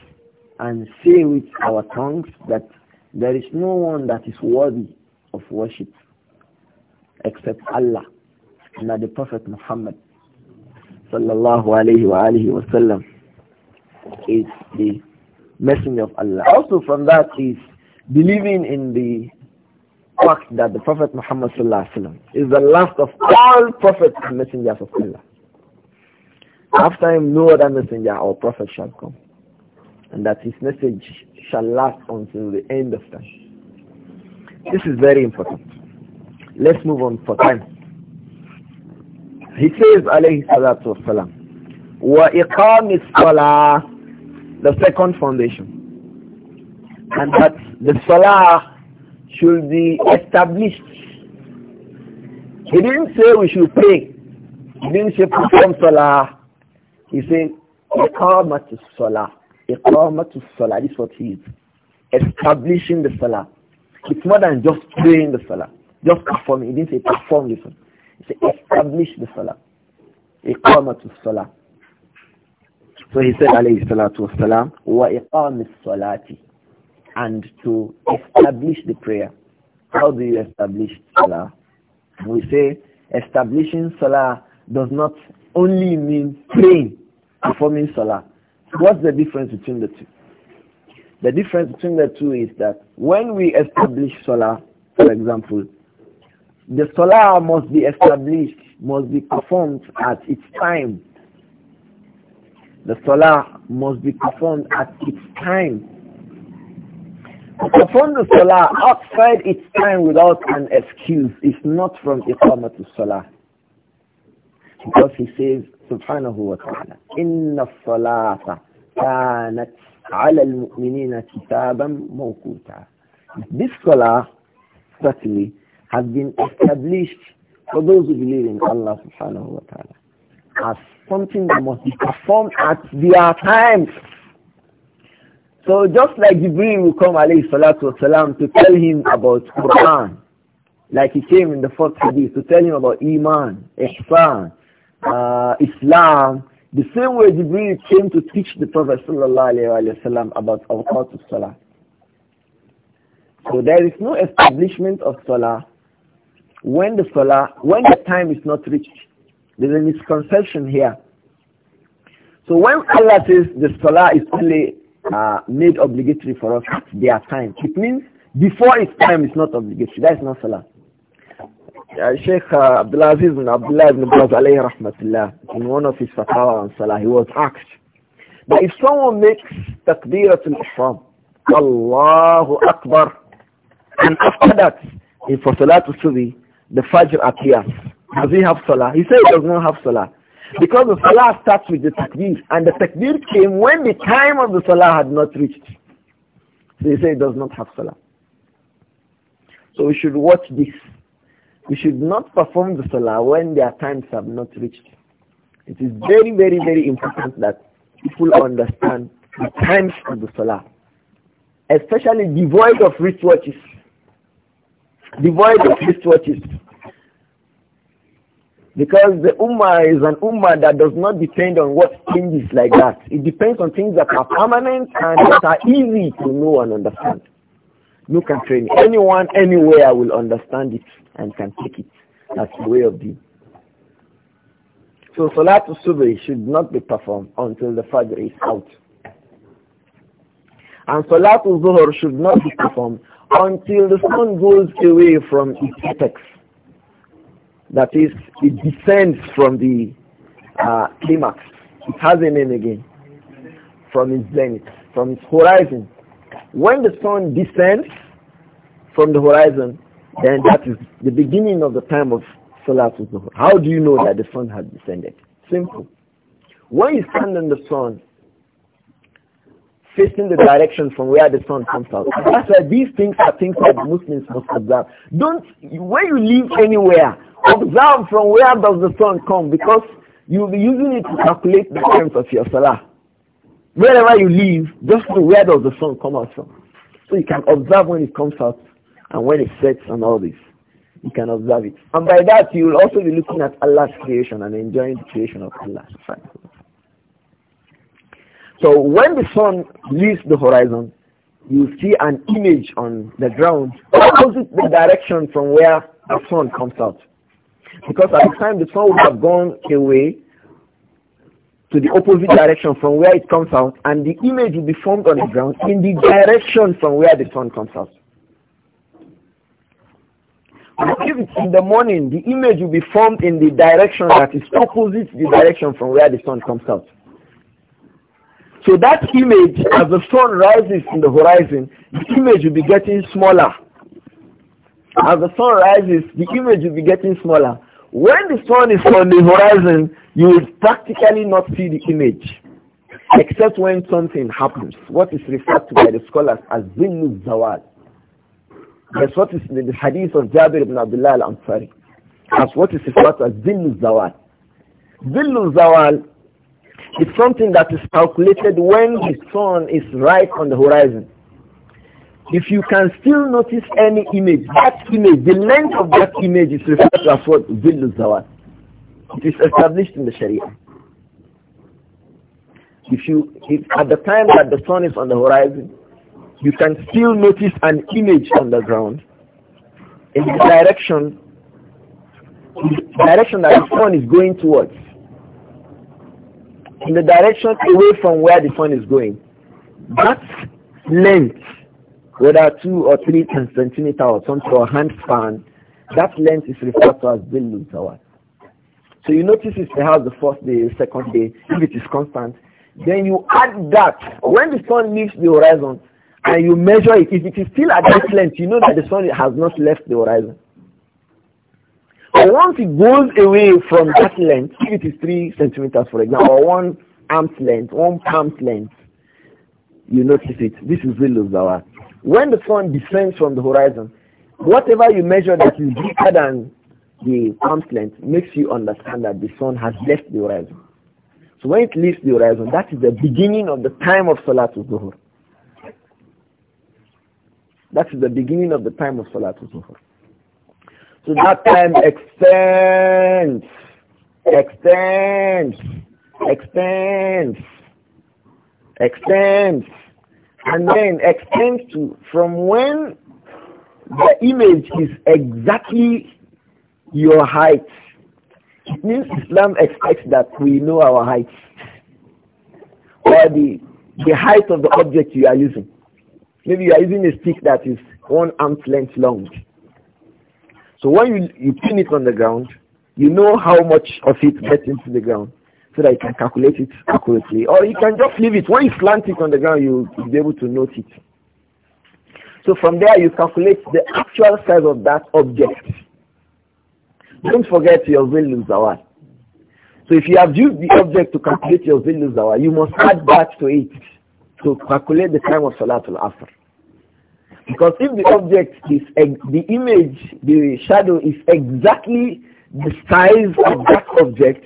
and say with our tongues that there is no one that is worthy of worship except Allah and that the Prophet Muhammad sallallahu alayhi wa alihi wa sallam is the messenger of Allah. Also from that is believing in the fact that the Prophet Muhammad is the last of all prophets and messengers of Allah. After him, no other messenger or prophet shall come, and that his message shall last until the end of time. This is very important. Let's move on for time. He says, alayhi salatu wasalam, wa iqamis salah, the second foundation, and that the salah should be established. He didn't say we should pray. He didn't say perform salah. He said, Iqamatu salah. Iqamatu salah. This is what he is. Establishing the salah. It's more than just praying the salah. Just performing. He didn't say perform this salah. He said establish the salah. Iqamatu salah. So he said, alayhi salatu wasalam, wa iqamis salati and to establish the prayer. How do you establish salah? We say establishing salah does not only mean praying, performing salah. What's the difference between the two? The difference between the two is that when we establish salah, for example, the salah must be established, must be performed at its time. The salah must be performed at its time. To perform the salah outside its time without an excuse is not from to salah. Because he says, subhanahu wa ta'ala, inna salata kanat ala al-mu'minina kitaban mawkuta. This salah, certainly, has been established for those who believe in Allah subhanahu wa ta'ala as something that must be performed at their times. So just like Jibreel will come alayhi salatu wasalam to tell him about Quran, like he came in the first hadith to tell him about Iman, Ihsan, uh, Islam, the same way Jibreel came to teach the Prophet sallallahu alayhi wasallam about awqat of salah. So there is no establishment of salah when the salah, when the time is not reached. There's a misconception here. So when Allah says the salah is only uh, made obligatory for us at their time. It means before its time it's not obligatory. That's not salah. Uh, Sheikh uh, Abdulaziz bin Abdullah alayhi rahmatullah in one of his fatwa on salah he was asked that if someone makes takbiratul ihram Allahu Akbar and after that for salatul subhi the fajr appears does he have salah he said he does not have salah because the salah starts with the takbir. And the takbir came when the time of the salah had not reached. So they say it does not have salah. So we should watch this. We should not perform the salah when their times have not reached. It is very, very, very important that people understand the times of the salah. Especially devoid of wristwatches. Devoid of wristwatches. Because the ummah is an ummah that does not depend on what changes like that. It depends on things that are permanent and that are easy to know and understand. You can train anyone, anywhere will understand it and can take it. as the way of being. So al Subh should not be performed until the Fajr is out. And al Zuhr should not be performed until the sun goes away from its apex. That is, it descends from the uh, climax. It has a name again. From its zenith, from its horizon. When the sun descends from the horizon, then that is the beginning of the time of Salatul Zuhur. How do you know that the sun has descended? Simple. When you stand in the sun, facing the direction from where the sun comes out. That's why these things are things that Muslims must observe. Don't, when you live anywhere, observe from where does the sun come because you'll be using it to calculate the times of your salah. Wherever you live, just know where does the sun come out from. So you can observe when it comes out and when it sets and all this. You can observe it. And by that, you will also be looking at Allah's creation and enjoying the creation of Allah. So when the sun leaves the horizon, you see an image on the ground opposite the direction from where the sun comes out. Because at the time the sun would have gone away to the opposite direction from where it comes out and the image will be formed on the ground in the direction from where the sun comes out. But if it's in the morning, the image will be formed in the direction that is opposite the direction from where the sun comes out. So that image, as the sun rises in the horizon, the image will be getting smaller. As the sun rises, the image will be getting smaller. When the sun is on the horizon, you will practically not see the image, except when something happens. What is referred to by the scholars as Zillu Zawad. That's what is the hadith of Jabir ibn Abdullah al-Ansari. That's what is referred to as Zillu Zawad. Zillu Zawal it's something that is calculated when the sun is right on the horizon. If you can still notice any image, that image, the length of that image is referred to as what? Zillu Zawat. It is established in the Sharia. If you, if at the time that the sun is on the horizon, you can still notice an image on the ground in the direction, in the direction that the sun is going towards in the direction away from where the sun is going. That length, whether two or three centimeter or something or hand span, that length is referred to as noon tower. So you notice it's perhaps the first day, second day, if it is constant. Then you add that. When the sun leaves the horizon and you measure it, if it is still at that length, you know that the sun has not left the horizon once it goes away from that length, if it is three centimeters, for example, or one arm's length, one palm's length, you notice it. This is Zilul Zawat. When the sun descends from the horizon, whatever you measure that is deeper than the arm's length makes you understand that the sun has left the horizon. So when it leaves the horizon, that is the beginning of the time of Salatul Zuhur. That is the beginning of the time of Salatul Zuhur. So that time extends, extends, extends, extends, and then extends to from when the image is exactly your height. It means Islam expects that we know our height or the, the height of the object you are using. Maybe you are using a stick that is one arm's length long so when you, you pin it on the ground, you know how much of it gets into the ground so that you can calculate it accurately. Or you can just leave it. When you slant it on the ground, you'll be able to note it. So from there, you calculate the actual size of that object. Don't forget your Zillu hour. So if you have used the object to calculate your Zillu hour, you must add that to it to calculate the time of Salatul Asr. Because if the object is, the image, the shadow is exactly the size of that object,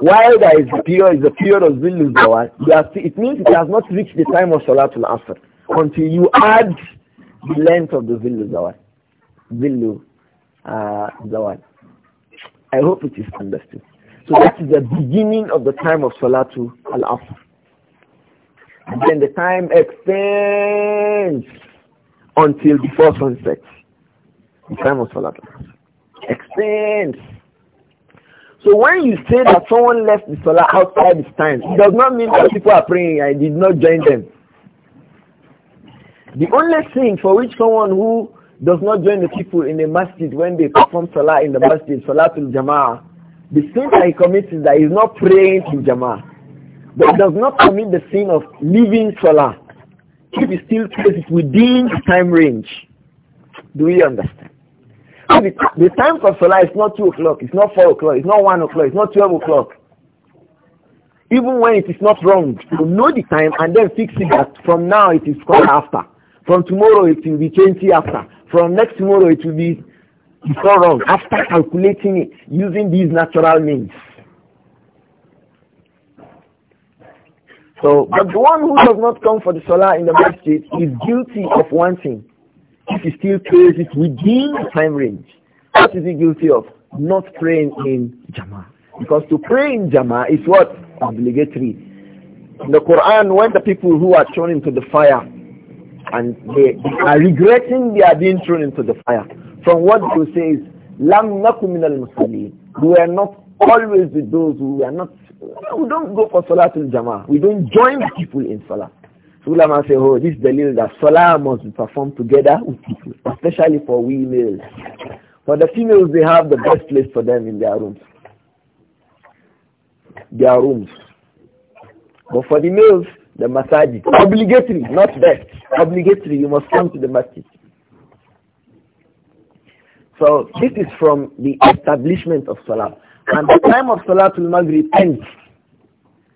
while there is a period, is a period of Zillul Zawal, it means it has not reached the time of Salatul Asr until you add the length of the Zilu Zawal. Zillu uh, Zawal. I hope it is understood. So that is the beginning of the time of Salatu Al-Asr. And then the time extends until before sunset. The time of Salat. Extends. So when you say that someone left the Salah outside his time, it does not mean that people are praying, I did not join them. The only thing for which someone who does not join the people in the masjid when they perform Salah in the masjid, Salatul Jama'ah, the sin that he commits is that he is not praying in Jama'ah. But does not commit the sin of leaving Salah if he still plays it within the time range. Do we understand? So the, the time for Salah is not 2 o'clock, it's not 4 o'clock, it's not 1 o'clock, it's not 12 o'clock. Even when it is not wrong, to know the time and then fix it that from now it is quarter after. From tomorrow it will be 20 after. From next tomorrow it will be it's all wrong. After calculating it using these natural means. So, but the one who does not come for the salah in the masjid is guilty of one thing. If he still prays it within the time range, what is he guilty of? Not praying in Jama'ah. Because to pray in Jama'ah is what? Obligatory. In the Quran, when the people who are thrown into the fire and they are regretting they are being thrown into the fire, from what you say is, لَمْ نَكُ مِنَ الْمُسْلِمِينَ We are not always with those who are not, we don't go for Salatul Jama'ah. We don't join the people in Salah. So Ulama say, oh, this delil that Salah must be performed together with people, especially for we males. For the females, they have the best place for them in their rooms. Their rooms. But for the males, the masajid. Obligatory, not best. Obligatory, you must come to the masjid. So this is from the establishment of Salah. And the time of Salatul Maghrib ends.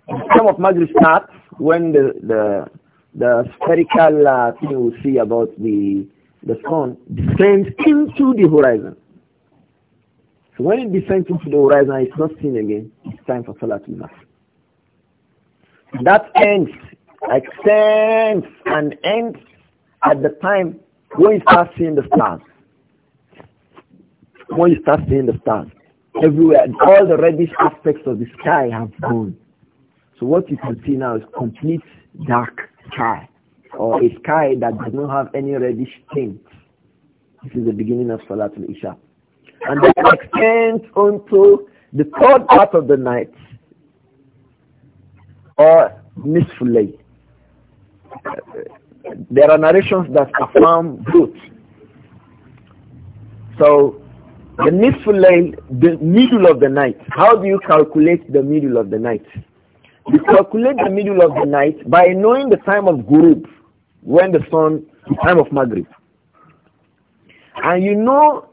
The time of Maghrib starts when the, the, the spherical uh, thing we see about the, the sun descends into the horizon. So when it descends into the horizon, it's not seen again. It's time for Salatul Maghrib. That ends, extends and ends at the time when you start seeing the stars. When you start seeing the stars everywhere. All the reddish aspects of the sky have gone. So what you can see now is complete dark sky or a sky that does not have any reddish tint. This is the beginning of Salatul Isha. And that extends onto the third part of the night or Nisfulay. There are narrations that affirm both. So the nisful layl, the middle of the night. How do you calculate the middle of the night? You calculate the middle of the night by knowing the time of gurub, when the sun, the time of Maghrib. And you know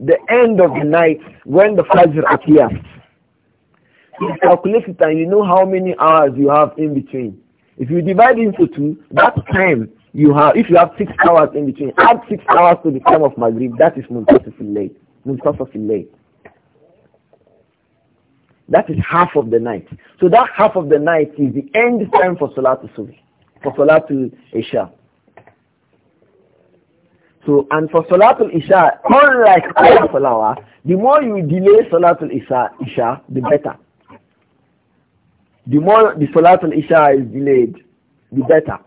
the end of the night when the Fajr appears. You calculate it and you know how many hours you have in between. If you divide into two, that time you have, if you have six hours in between, add six hours to the time of Maghrib, that is Muntasifil late. منتصف الليل that is half of the night so that half of the night is the end time for salatul subh for salatul isha so and for salatul isha unlike other salawah the more you delay salatul isha isha the better the more the Salatul Isha is delayed, the better.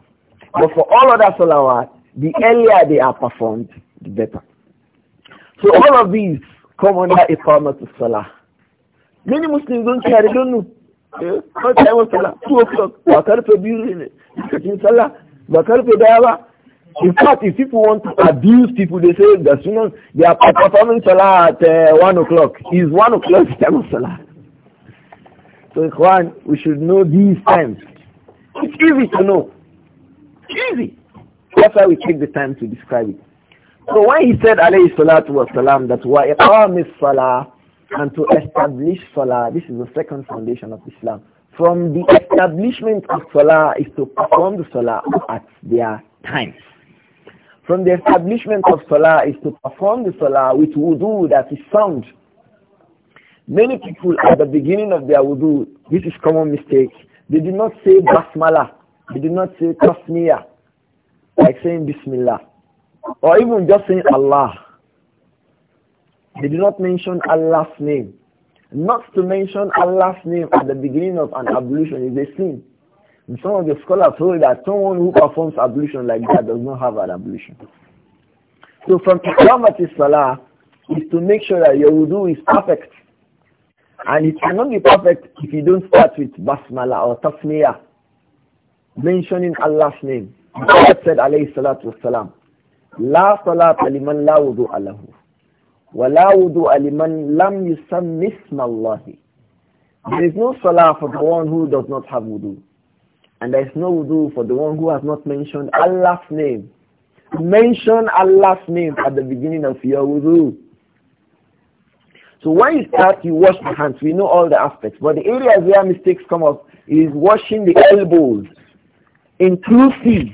But for all other Salawat, the earlier they are performed, the better. So all of these come under a form of salah Many Muslims don't care, they don't know. What time was Salah? 2 o'clock. Bakar for building, Salah. Bakar for In fact, if people want to abuse people, they say that you know they are performing Salah at uh, 1 o'clock. Is 1 o'clock time of Salah? So Ikhwan, we should know these times. It's easy to know. Easy. That's why we take the time to describe it. So when he said alayhi salatu was salam that wa iqamis salah and to establish salah, this is the second foundation of Islam. From the establishment of salah is to perform the salah at their times. From the establishment of salah is to perform the salah with wudu that is sound. Many people at the beginning of their wudu, this is common mistake, they did not say basmala, they did not say tasmiyah, like saying bismillah. Or even just saying Allah. They do not mention Allah's name. Not to mention Allah's name at the beginning of an ablution is a sin. And some of the scholars hold that someone who performs ablution like that does not have an ablution. So from to Salah is to make sure that your wudu is perfect. And it cannot be perfect if you don't start with basmala or tasmiyah, mentioning Allah's name. God said alayhi salatu wasalam, لا صلاة لمن لا وضوء له ولا وضوء لمن لم يسمى اسم الله There is no salah for the one who does not have wudu. And there is no wudu for the one who has not mentioned Allah's name. Mention Allah's name at the beginning of your wudu. So when you start, you wash your hands. We know all the aspects. But the areas where mistakes come up is washing the elbows, inclusive,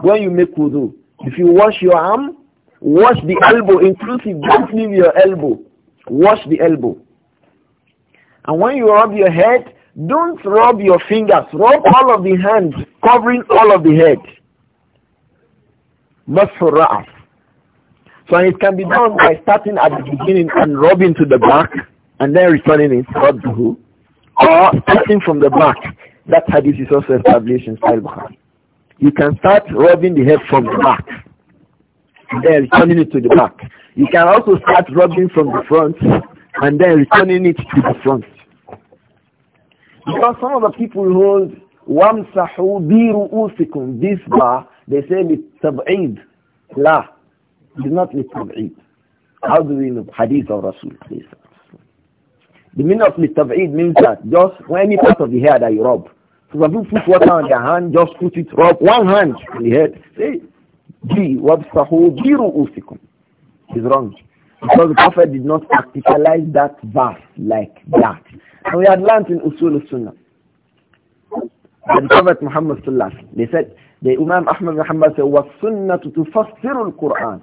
when you make wudu. If you wash your arm, wash the elbow inclusive. Don't leave your elbow. Wash the elbow. And when you rub your head, don't rub your fingers. Rub all of the hands, covering all of the head. for us. So it can be done by starting at the beginning and rubbing to the back and then returning it to who? Or starting from the back. That hadith is also established in style Bukhari. You can start rubbing the head from the back, then returning it to the back. You can also start rubbing from the front and then returning it to the front. Because some of the people hold wamsahu bi ru'usikum this bar, they say it's tab'id. La, it is not litab'id. How do we know? Hadith of Rasul. The meaning of litab'id means that just any part of the hair that you rub, so when people put water on their hand, just put it, rub one hand in the head. Say, G, wabsahu biru usikum. It's wrong. Because the Prophet did not practicalize that verse like that. And we had learned in Usul Sunnah. The Prophet Muhammad Sallallahu they said, the Imam Ahmad Muhammad said, وَالسُنَّةُ تُفَسِّرُ الْقُرْآنِ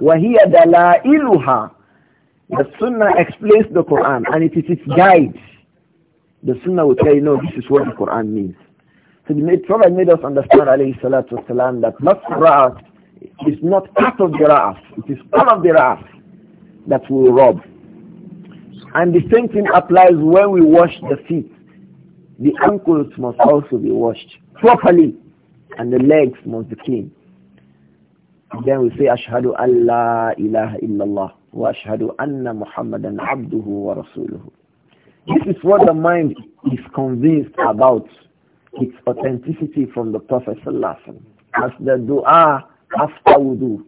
وَهِيَ دَلَائِلُهَا The Sunnah explains the Quran and it is its guide. The Sunnah will tell you, no, this is what the Quran means. So the Prophet made us understand, alayhi salatu wasalam, that masra'at is not part of the ra'af. It is part of the ra'af that we rob. And the same thing applies when we wash the feet. The ankles must also be washed properly and the legs must be clean. then we say, Ashhadu an la ilaha illallah wa ashhadu anna Muhammadan abduhu wa rasuluhu. This is what the mind is convinced about its authenticity from the Prophet Sallallahu as the dua after wudu.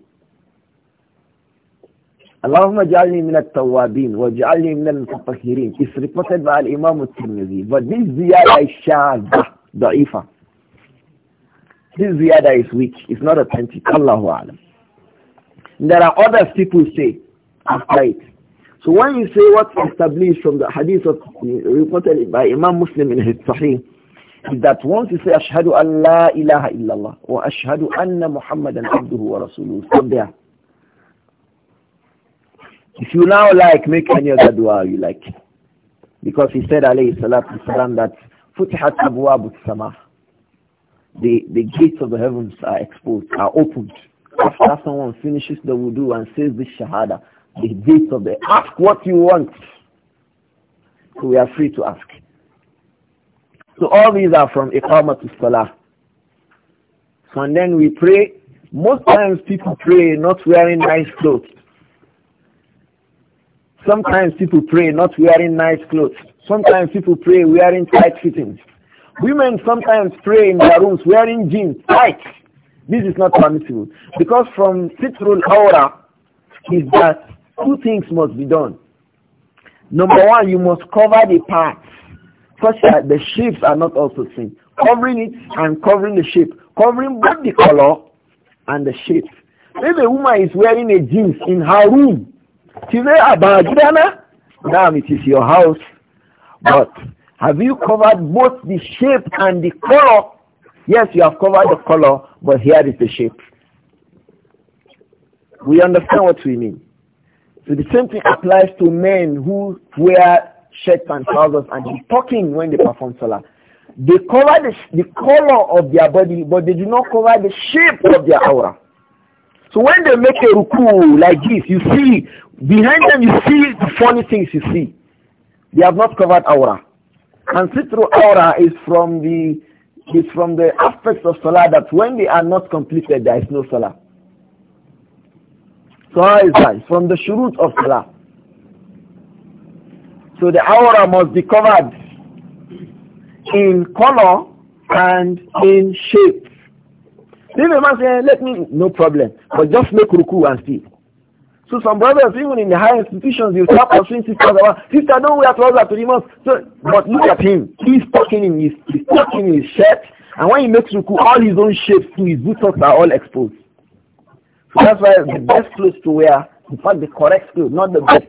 Allahumma ja'alni min al-tawabin wa ja'alni min al-mutatahhirin. It's reported by Imam al-Tirmidhi. But this ziyada is shadda, da'ifa. This ziyada is weak. It's not authentic. Allahu alam. There are other people say after it. So when you say what's established from the hadith of, reported by Imam Muslim in his Sahih, is that once you say ashhadu an la ilaha illallah or ashhadu anna muhammadan abduhu wa rasuluhu stop there if you now like make any other dua you like because he said alayhi salatu salam that futihat abwaab Samah, the the gates of the heavens are exposed are opened after someone finishes the wudu and says this shahada the deeds of the ask what you want. So we are free to ask. So all these are from Iqamah to Salah. So and then we pray. Most times people pray not wearing nice clothes. Sometimes people pray not wearing nice clothes. Sometimes people pray wearing tight fittings. Women sometimes pray in their rooms wearing jeans, tight. This is not permissible. Because from Sitrul Aura is that two things must be done. Number one, you must cover the parts such that the shapes are not also seen. Covering it and covering the shape. Covering both the color and the shape. Maybe a woman is wearing a jeans in her room. She's a bagana. Now it is your house. But have you covered both the shape and the color? Yes, you have covered the color, but here is the shape. We understand what we mean. So the same thing applies to men who wear shirts and trousers and be talking when they perform salah. They cover the, the color of their body, but they do not cover the shape of their aura. So when they make a ruku like this, you see, behind them you see the funny things you see. They have not covered aura. And see-through aura is from the is from the aspects of salah that when they are not completed, there is no salah. Ta'iza from the shurut of Salah. So the aura must be covered in color and in shape. If a man say, let me, no problem, but just make ruku and see. So some brothers, even in the high institutions, you start pursuing sisters sister, don't wear trousers to the mosque. So, but look at him. He's talking in his, he's talking in his shirt, and when he makes ruku, all his own shapes to his buttocks are all exposed. So that's why the best clothes to wear, in fact the correct clothes, not the best,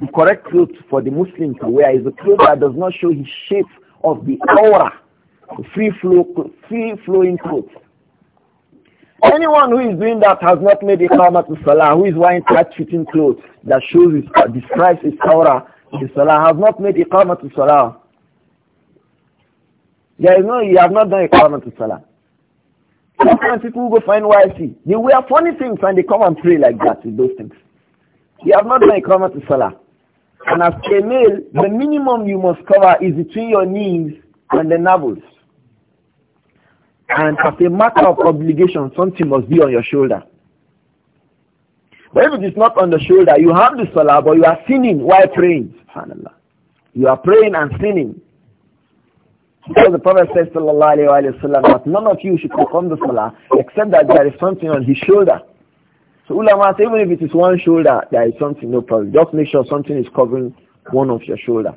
the correct clothes for the Muslim to wear is a clothes that does not show his shape of the aura, free flow, free flowing clothes. Anyone who is doing that has not made a to Salah, who is wearing tight-fitting clothes that shows his, uh, describes his aura in Salah, has not made a to Salah. There is no, you have not done a to Salah. Sometimes people go find YC. They wear funny things and they come and pray like that with those things. They have not done Iqamah to Salah. And as a male, the minimum you must cover is between your knees and the navel. And as a matter of obligation, something must be on your shoulder. But if it is not on the shoulder, you have the salah, but you are sinning while praying. Subhanallah. You are praying and sinning. Because the Prophet says, sallallahu alayhi wasallam," sallam, that none of you should perform the salah except that there is something on his shoulder. So ulama say, even if it is one shoulder, there is something, no problem. Just make sure something is covering one of your shoulder.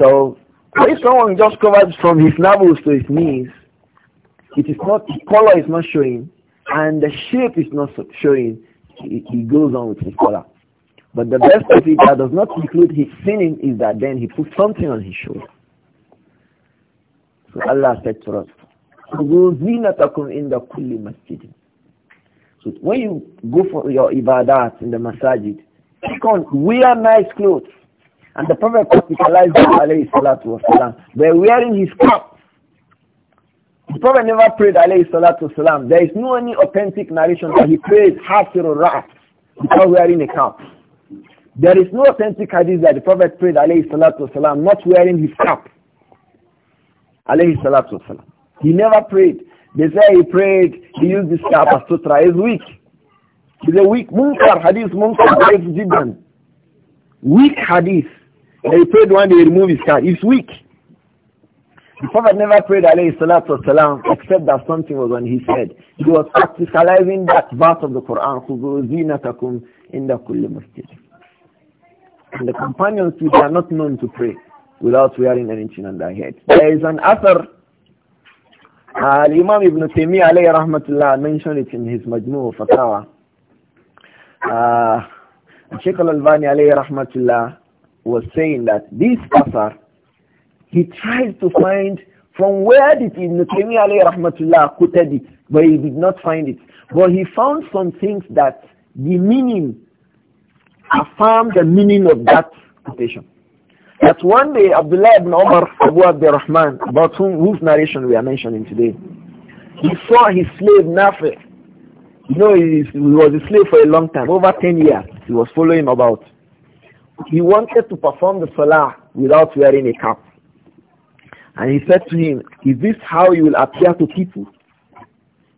So if someone just covers from his navels to his knees, it is not, the color is not showing, and the shape is not showing, he, he goes on with his color. But the best of it that does not include his sinning is that then he put something on his shoulder. So Allah said to us, So when you go for your ibadat in the masjid, take on, wear nice clothes. And the Prophet practicalized alayhi salatu wasalam by wearing his cap. The Prophet never prayed alayhi salatu wasalam. There is no any authentic narration that he prayed half or ra'at without wearing a cap. There is no authentic hadith that the Prophet prayed alayhi salatu wasalam not wearing his cap. Alayhi salatu wasalam. He never prayed. They say he prayed, he used his cap as sutra. He's weak. He's a weak munkar hadith, munkar is jibban. Weak hadith. And he prayed one day, he removed his cap. He's weak. The Prophet never prayed alayhi salatu wasalam except that something was on his head. He was practicalizing that verse of the Quran, خُذُوا زِينَتَكُمْ إِنَّ كُلِّ and the companions too, they are not known to pray without wearing anything on their head. There is an author, uh, Imam Ibn Taymiyyah alayhi rahmatullah mentioned it in his Majmu' Fatawa. Uh, Sheikh al-Albani alayhi rahmatullah was saying that this author, he tries to find from where did Ibn Taymiyyah alayhi rahmatullah quoted it, but he did not find it. But he found some things that the meaning affirm the meaning of that quotation. That one day Abdullah ibn Umar Abu Abdurrahman, about whom, whose narration we are mentioning today, he saw his slave Nafi. You know, he, he was a slave for a long time, over 10 years. He was following about. He wanted to perform the salah without wearing a cap. And he said to him, is this how you will appear to people?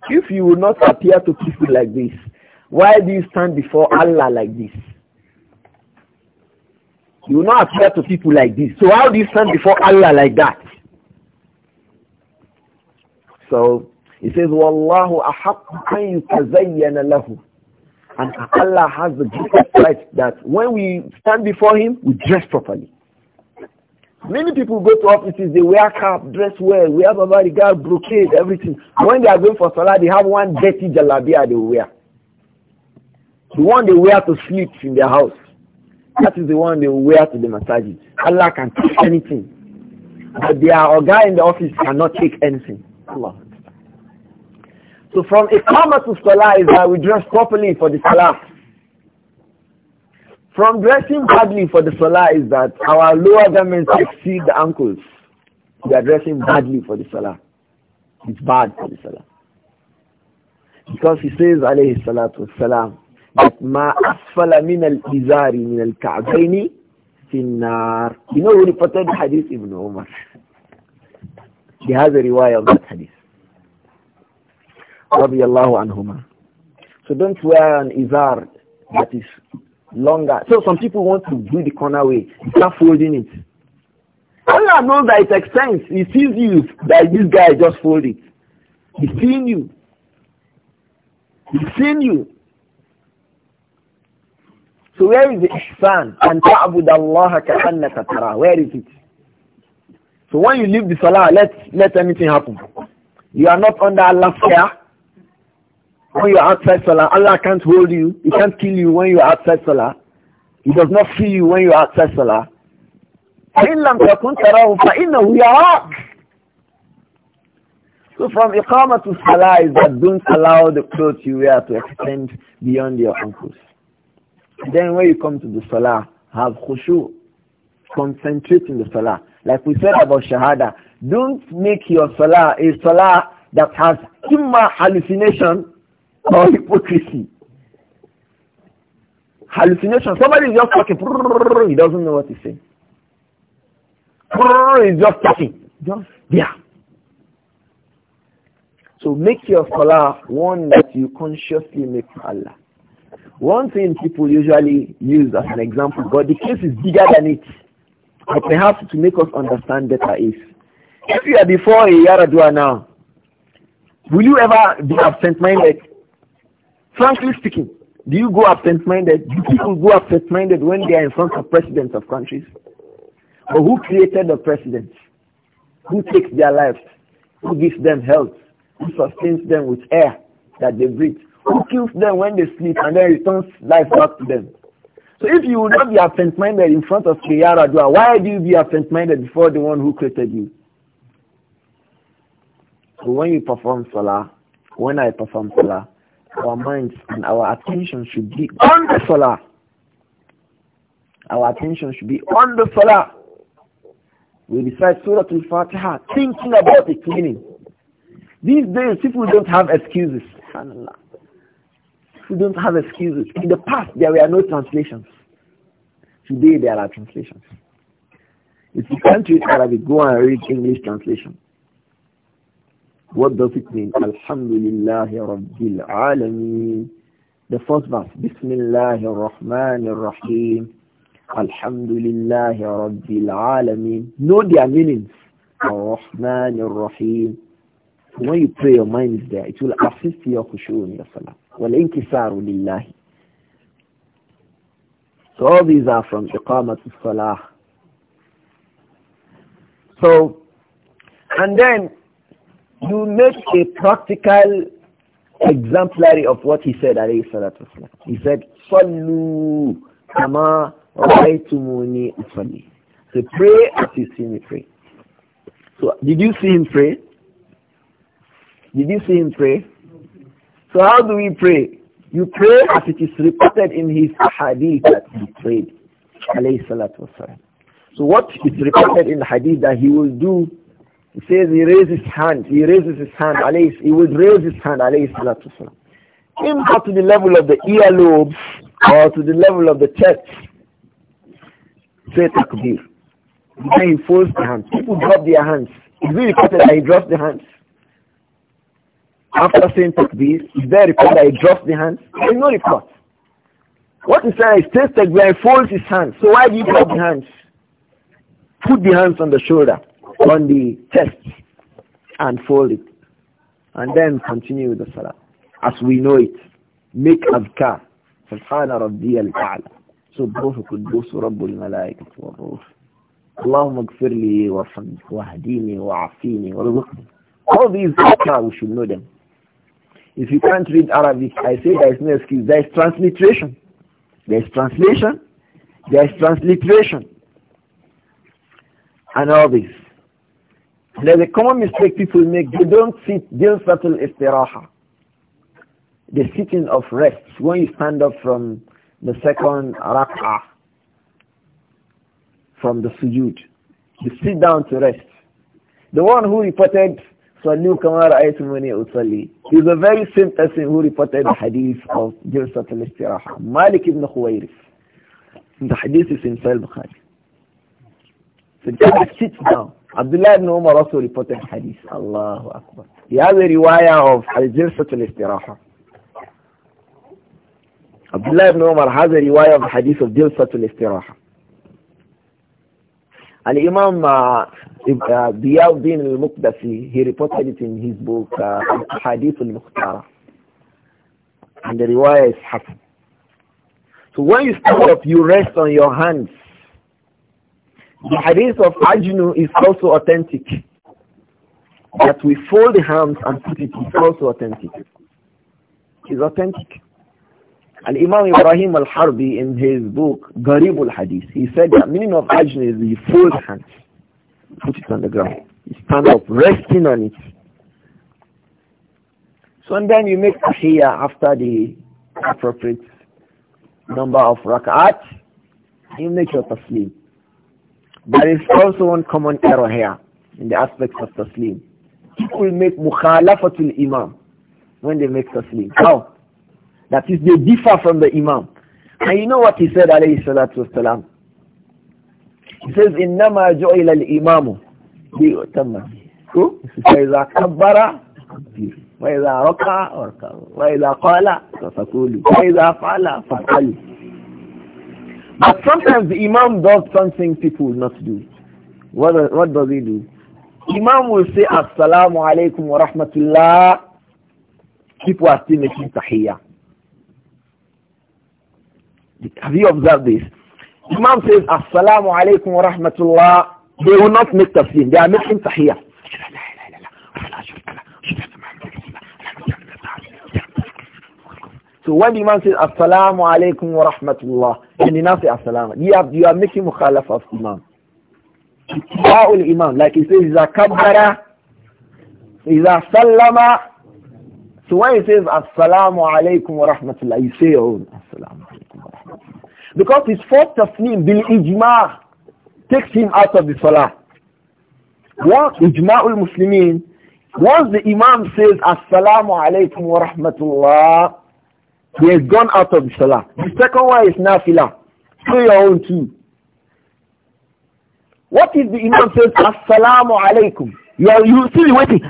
If you will not appear to people like this, why do you stand before Allah like this? You will not appear to people like this. So how do you stand before Allah like that? So he says, Wallahu ahakku yukazayyana lahu. And Allah has the greatest right that when we stand before him, we dress properly. Many people go to offices, they wear cap, dress well, wear babariga, brocade, everything. When they are going for salah, they have one dirty jalabiya they wear. The one they wear to sleep in their house. That is the one they wear to the masajid. Allah can take anything. But their guy in the office cannot take anything. Allah. So from Iqamah to Salah is that we dress properly for the Salah. From dressing badly for the Salah is that our lower garments exceed the ankles. We are dressing badly for the Salah. It's bad for the Salah. Because he says, alayhi salatu salam, that ma asfala min al-izari min al-ka'baini finnar. You know who reported the hadith? Ibn Umar. He has a riwayah of that hadith. Radiallahu anhuma. So don't wear an izar that is longer. So some people want to do the corner way. You start folding it. Allah knows that it extends. He sees you that this guy just folded. it. He's seen you. He's seen you. So where is the ihsan? And ta'bud Allah ka'annaka tara. Where is it? So when you leave the salah, let let anything happen. You are not under Allah's care. When you are outside salah, Allah can't hold you. He can't kill you when you are outside salah. He does not see you when you are outside salah. فإن لم تكن تراه فإنه يراك So from Iqamah to Salah is that don't allow the clothes you wear to extend beyond your ankles. Then when you come to the salah, have khushu. Concentrate in the salah. Like we said about shahada, don't make your salah a salah that has i hallucination or hypocrisy. Hallucination. Somebody is just talking. He doesn't know what he's saying. He's just talking. Just yeah. So make your salah one that you consciously make for Allah. One thing people usually use as an example, but the case is bigger than it. But perhaps to make us understand better is, if you are before a Yaradua now, will you ever be absent-minded? Frankly speaking, do you go absent-minded? Do people go absent-minded when they are in front of presidents of countries? But who created the presidents? Who takes their lives? Who gives them health? Who sustains them with air that they breathe? who kills them when they sleep and then returns life back to them. So if you will not be absent-minded in front of Kiyara Dua, why do you be absent-minded before the one who created you? So when you perform Salah, when I perform Salah, our minds and our attention should be on the Salah. Our attention should be on the Salah. We decide Surah Al-Fatiha thinking about the cleaning. These days people don't have excuses. SubhanAllah. We don't have excuses. In the past, there were no translations. Today, there are translations. If you can't read Arabic, go and read English translation. What does it mean? Alhamdulillahi Rabbil Alameen. The first verse, Bismillahir Rahmanir Rahim. Alhamdulillahi Rabbil Alameen. Know their meanings. Ar-Rahmanir Rahim. When you pray, your mind is there. It will assist your khushu in your salah. والانكسار لله So all these are from Iqamat to salah So, and then you make a practical exemplary of what he said, alayhi salatu wasalam. He said, Sallu kama ra'aytumuni usalli. So pray as you see me pray. So did you see him pray? Did you see him pray? So how do we pray? You pray as it is reported in his hadith that he prayed. So what is reported in the hadith that he will do, he says he raises his hand, he raises his hand, he would raise his hand, alayhi salatu to the level of the earlobes or to the level of the chest. Say takbir. Then he folds the hands. People drop their hands. Is it reported that he drops the hands? After saying takbir, is there a report that he drops the hand? There is no report. What is said is takes the hand, folds his hands. So why do you drop the hands? Put the hands on the shoulder, on the chest, and fold it. And then continue with the salah. As we know it, make azkar. سبحان could الأعلى سبوح قدوس رب الملائكة والروح اللهم اغفر لي وارحمني واهديني وعافيني وارزقني all these are we should know them if you can't read Arabic, I say there is no excuse. There is transliteration. There is translation. There is transliteration. And all this. There's a common mistake people make. They don't sit they jilsatul istiraha. The sitting of rest. When you stand up from the second rak'ah, from the sujood. You sit down to rest. The one who reported Sallu kama ra'aytumuni usalli. He's a very same person who reported the hadith of Jalsat al-Istiraha, Malik ibn Khuwairif. The hadith is in Sahih Bukhari. So the Prophet sits down. Abdullah ibn Umar also reported hadith. Allahu Akbar. He has a riwayah of Al-Jalsat al-Istiraha. Abdullah ibn Umar has a riwayah of hadith of Jalsat al-Istiraha. And Imam uh, uh, al-Muqdasi, he reported it in his book, uh, Hadith al-Muqtara. And the riwayah is Hasan. So when you stand up, you rest on your hands. The hadith of Ajnu is also authentic. That we fold the hands and put it is also authentic. It's authentic. And Imam Ibrahim al-Harbi in his book, Garib al-Hadith, he said that meaning of ajn is the full hand. Put it on the ground. stand up, resting on it. So and then you make tahiyya after the appropriate number of rak'at. You make your taslim. There is also one common error here in the aspects of taslim. People make mukhalafatul imam when they make taslim. How? That is, they differ from the Imam. And you know what he said, alayhi salatu wasalam? He says, إِنَّمَا جُعِلَ الْإِمَامُ لِيُؤْتَمَّ فإذا كبر وإذا ركع اركع وإذا قال فقولوا وإذا فعل فافعلوا But sometimes the Imam does something people will not do. What, what does he do? Imam will say, Assalamu alaikum wa rahmatullah. People are still making tahiyyah. Have you observed this? Imam says, Assalamu alaikum wa rahmatullah. They will not make tafsir. They are making tahiyah. So when the Imam says, Assalamu alaikum wa rahmatullah, and the Imam says, Assalamu, you are, you are making mukhalaf of Imam. Ba'ul Imam, like he says, إذا is a salama. So when he says, Assalamu alaikum wa rahmatullah, you say your Assalamu because his fourth taslim, bil ijma, takes him out of the salah. Once ijma'ul muslimin, once the imam says, assalamu alaykum wa rahmatullah, he has gone out of the salah. The second one is nafila. Do your own too. What if the imam says, assalamu alaykum? You are you still waiting.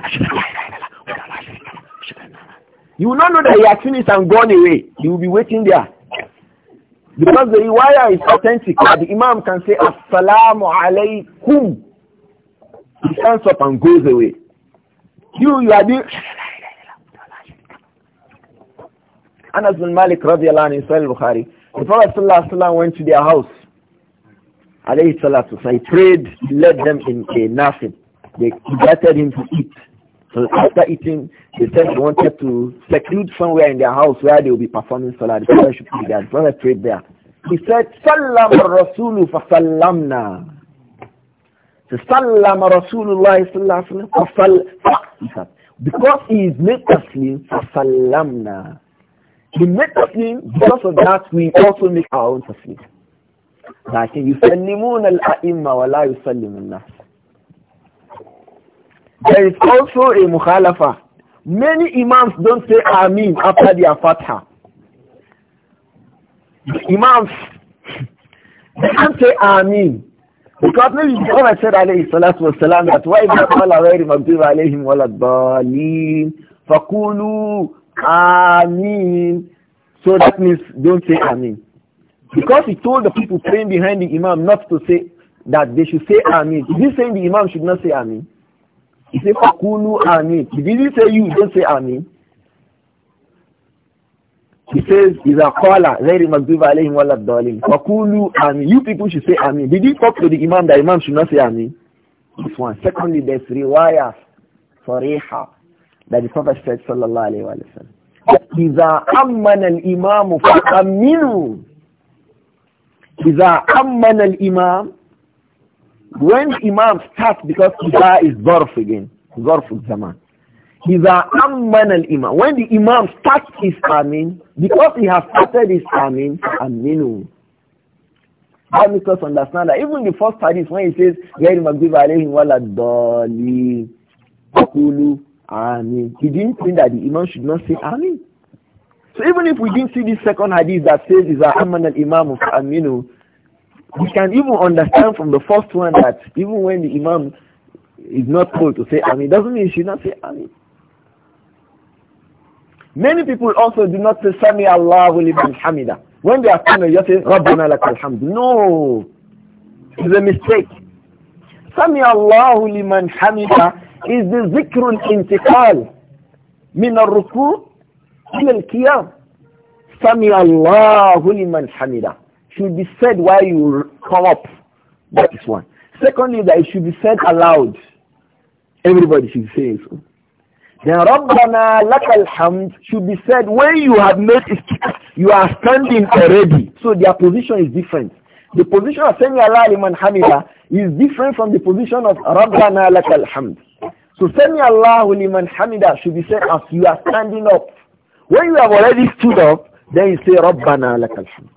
You will not know that he has finished and gone away. You will be waiting there. Because the riwayah is authentic. The Imam can say, Assalamu alaykum. He stands up and goes away. You, you are doing... Anas bin Malik radiallahu anhu in Sahih Bukhari. The Prophet sallallahu alaihi went to their house. Alayhi salatu. So he prayed, he led them in a nafil. They invited him to eat. So after eating, they said they wanted to seclude somewhere in their house where they will be performing salah. The Prophet should be there. The Prophet prayed there. He said, Sallam Rasulu fasallamna. So Sallam Rasulullah sallallahu Wasallam. Because he is made Muslim, fasallamna. He made Muslim, because of that we also make our own Muslim. لكن يسلمون الأئمة ولا يسلم الناس there is also a mukhalafa. Many imams don't say Amin after their fatha. imams, they can't say Amin. Because maybe the Prophet said alayhi salatu was salam that وَإِذَا قَالَ غَيْرِ مَغْضِبَ alayhim وَلَا الضَّالِينَ فَقُولُوا آمين So that means don't say Amin. Because he told the people praying behind the Imam not to say that they should say Amin. Is he saying the Imam should not say Amin? He said, Fakulu He Did he say you? Don't say Amin. He says, Iza qala, Zairi Magduba alayhim wa darling. Fakulu Amin. You people should say ami. Did he talk to the Imam that Imam should not say ami. This one. Secondly, there's riwayah, Sariha, that the Prophet said, Sallallahu amman al sallam. of أمن الإمام a amman al imam. When Imam starts because Iza is Zorf again, Zorf Zaman. a Amman al-Imam. When the Imam starts his Amin, because he has started his Amin, Aminu. That makes us understand that even the first hadith when he says, غير مغضوب عليهم ولا الضالين kulu Amin, He didn't think that the Imam should not say Amin. So even if we didn't see this second hadith that says, إذا Imam of Aminu. We can even understand from the first one that even when the Imam is not called to say it doesn't mean he should not say Ameen. Many people also do not say Sami Allahu liman hamida. When they are coming, you say Rabbana lakal hamd. No. It's a mistake. Sami Allahu liman hamida is the zikrul intiqal min al-ruku' ila al-qiyam. Sami Allahu liman hamida should be said while you come up. That is one. Secondly, that it should be said aloud. Everybody should say so. Then Rabbana lakal hamd should be said when you have made you are standing already. So their position is different. The position of Sami Allah liman hamida is different from the position of Rabbana lakal hamd. So Sami Allah liman hamida should be said as you are standing up. When you have already stood up, then you say Rabbana lakal hamd.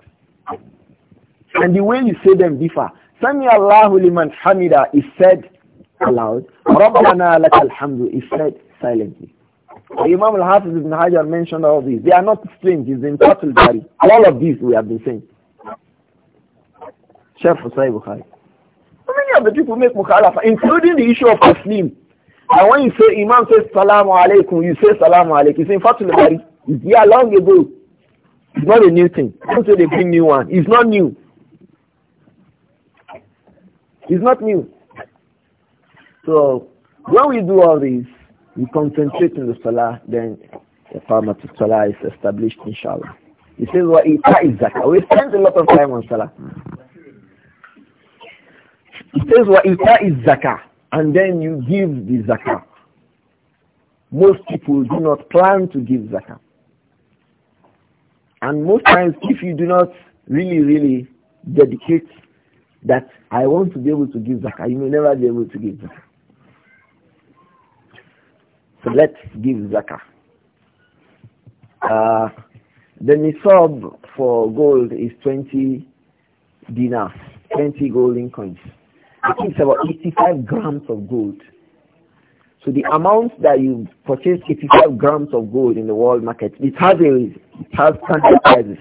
And the way you say them differ. Sami Allahu liman hamida is said aloud. Rabbana lakal hamdu is said silently. The Imam al-Hafiz ibn Hajar mentioned all these. They are not strange. It's in total body. All of these we have been saying. Sheikh Hussain Bukhari. Many of the people make mukhalafa, including the issue of Muslim. And when you say Imam says salam alaikum, you say salam alaikum. It's in Fatul Bari. It's here long ago. It's not a new thing. Don't say they bring new one. It's not new. It's not new. So when we do all these, we concentrate on the salah, then the format of salah is established inshallah. He says what ita zakah. We spend a lot of time on salah. He says what ita zakah and then you give the zakah. Most people do not plan to give zakah. And most times if you do not really, really dedicate that I want to be able to give zakah. You may never be able to give zakah. So let's give zakah. Uh, the nisab for gold is 20 dinars, 20 golden coins. it's about 85 grams of gold. So the amount that you purchase 85 grams of gold in the world market, it has a, it has standard prices.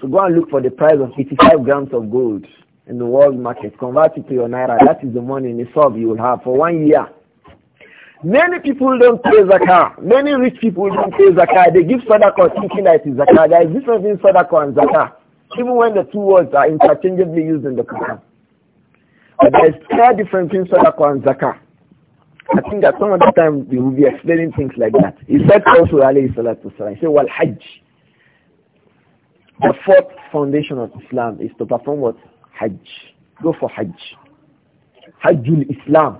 So go and look for the price of 85 grams of gold in the world market, convert it to your naira. That is the money in the sub you will have for one year. Many people don't pay zakah. Many rich people don't pay zakah. They give sadaqah thinking that it is zakah. There is difference between sadaqah and zakah, even when the two words are interchangeably used in the Quran. But there is clear difference between sadaqah and zakah. I think that some of the time we will be explaining things like that. He said also, alayhi salatu wasalam, he said, "Well, hajj. The fourth foundation of Islam is to perform what? Hajj. Go for Hajj. Hajjul Islam.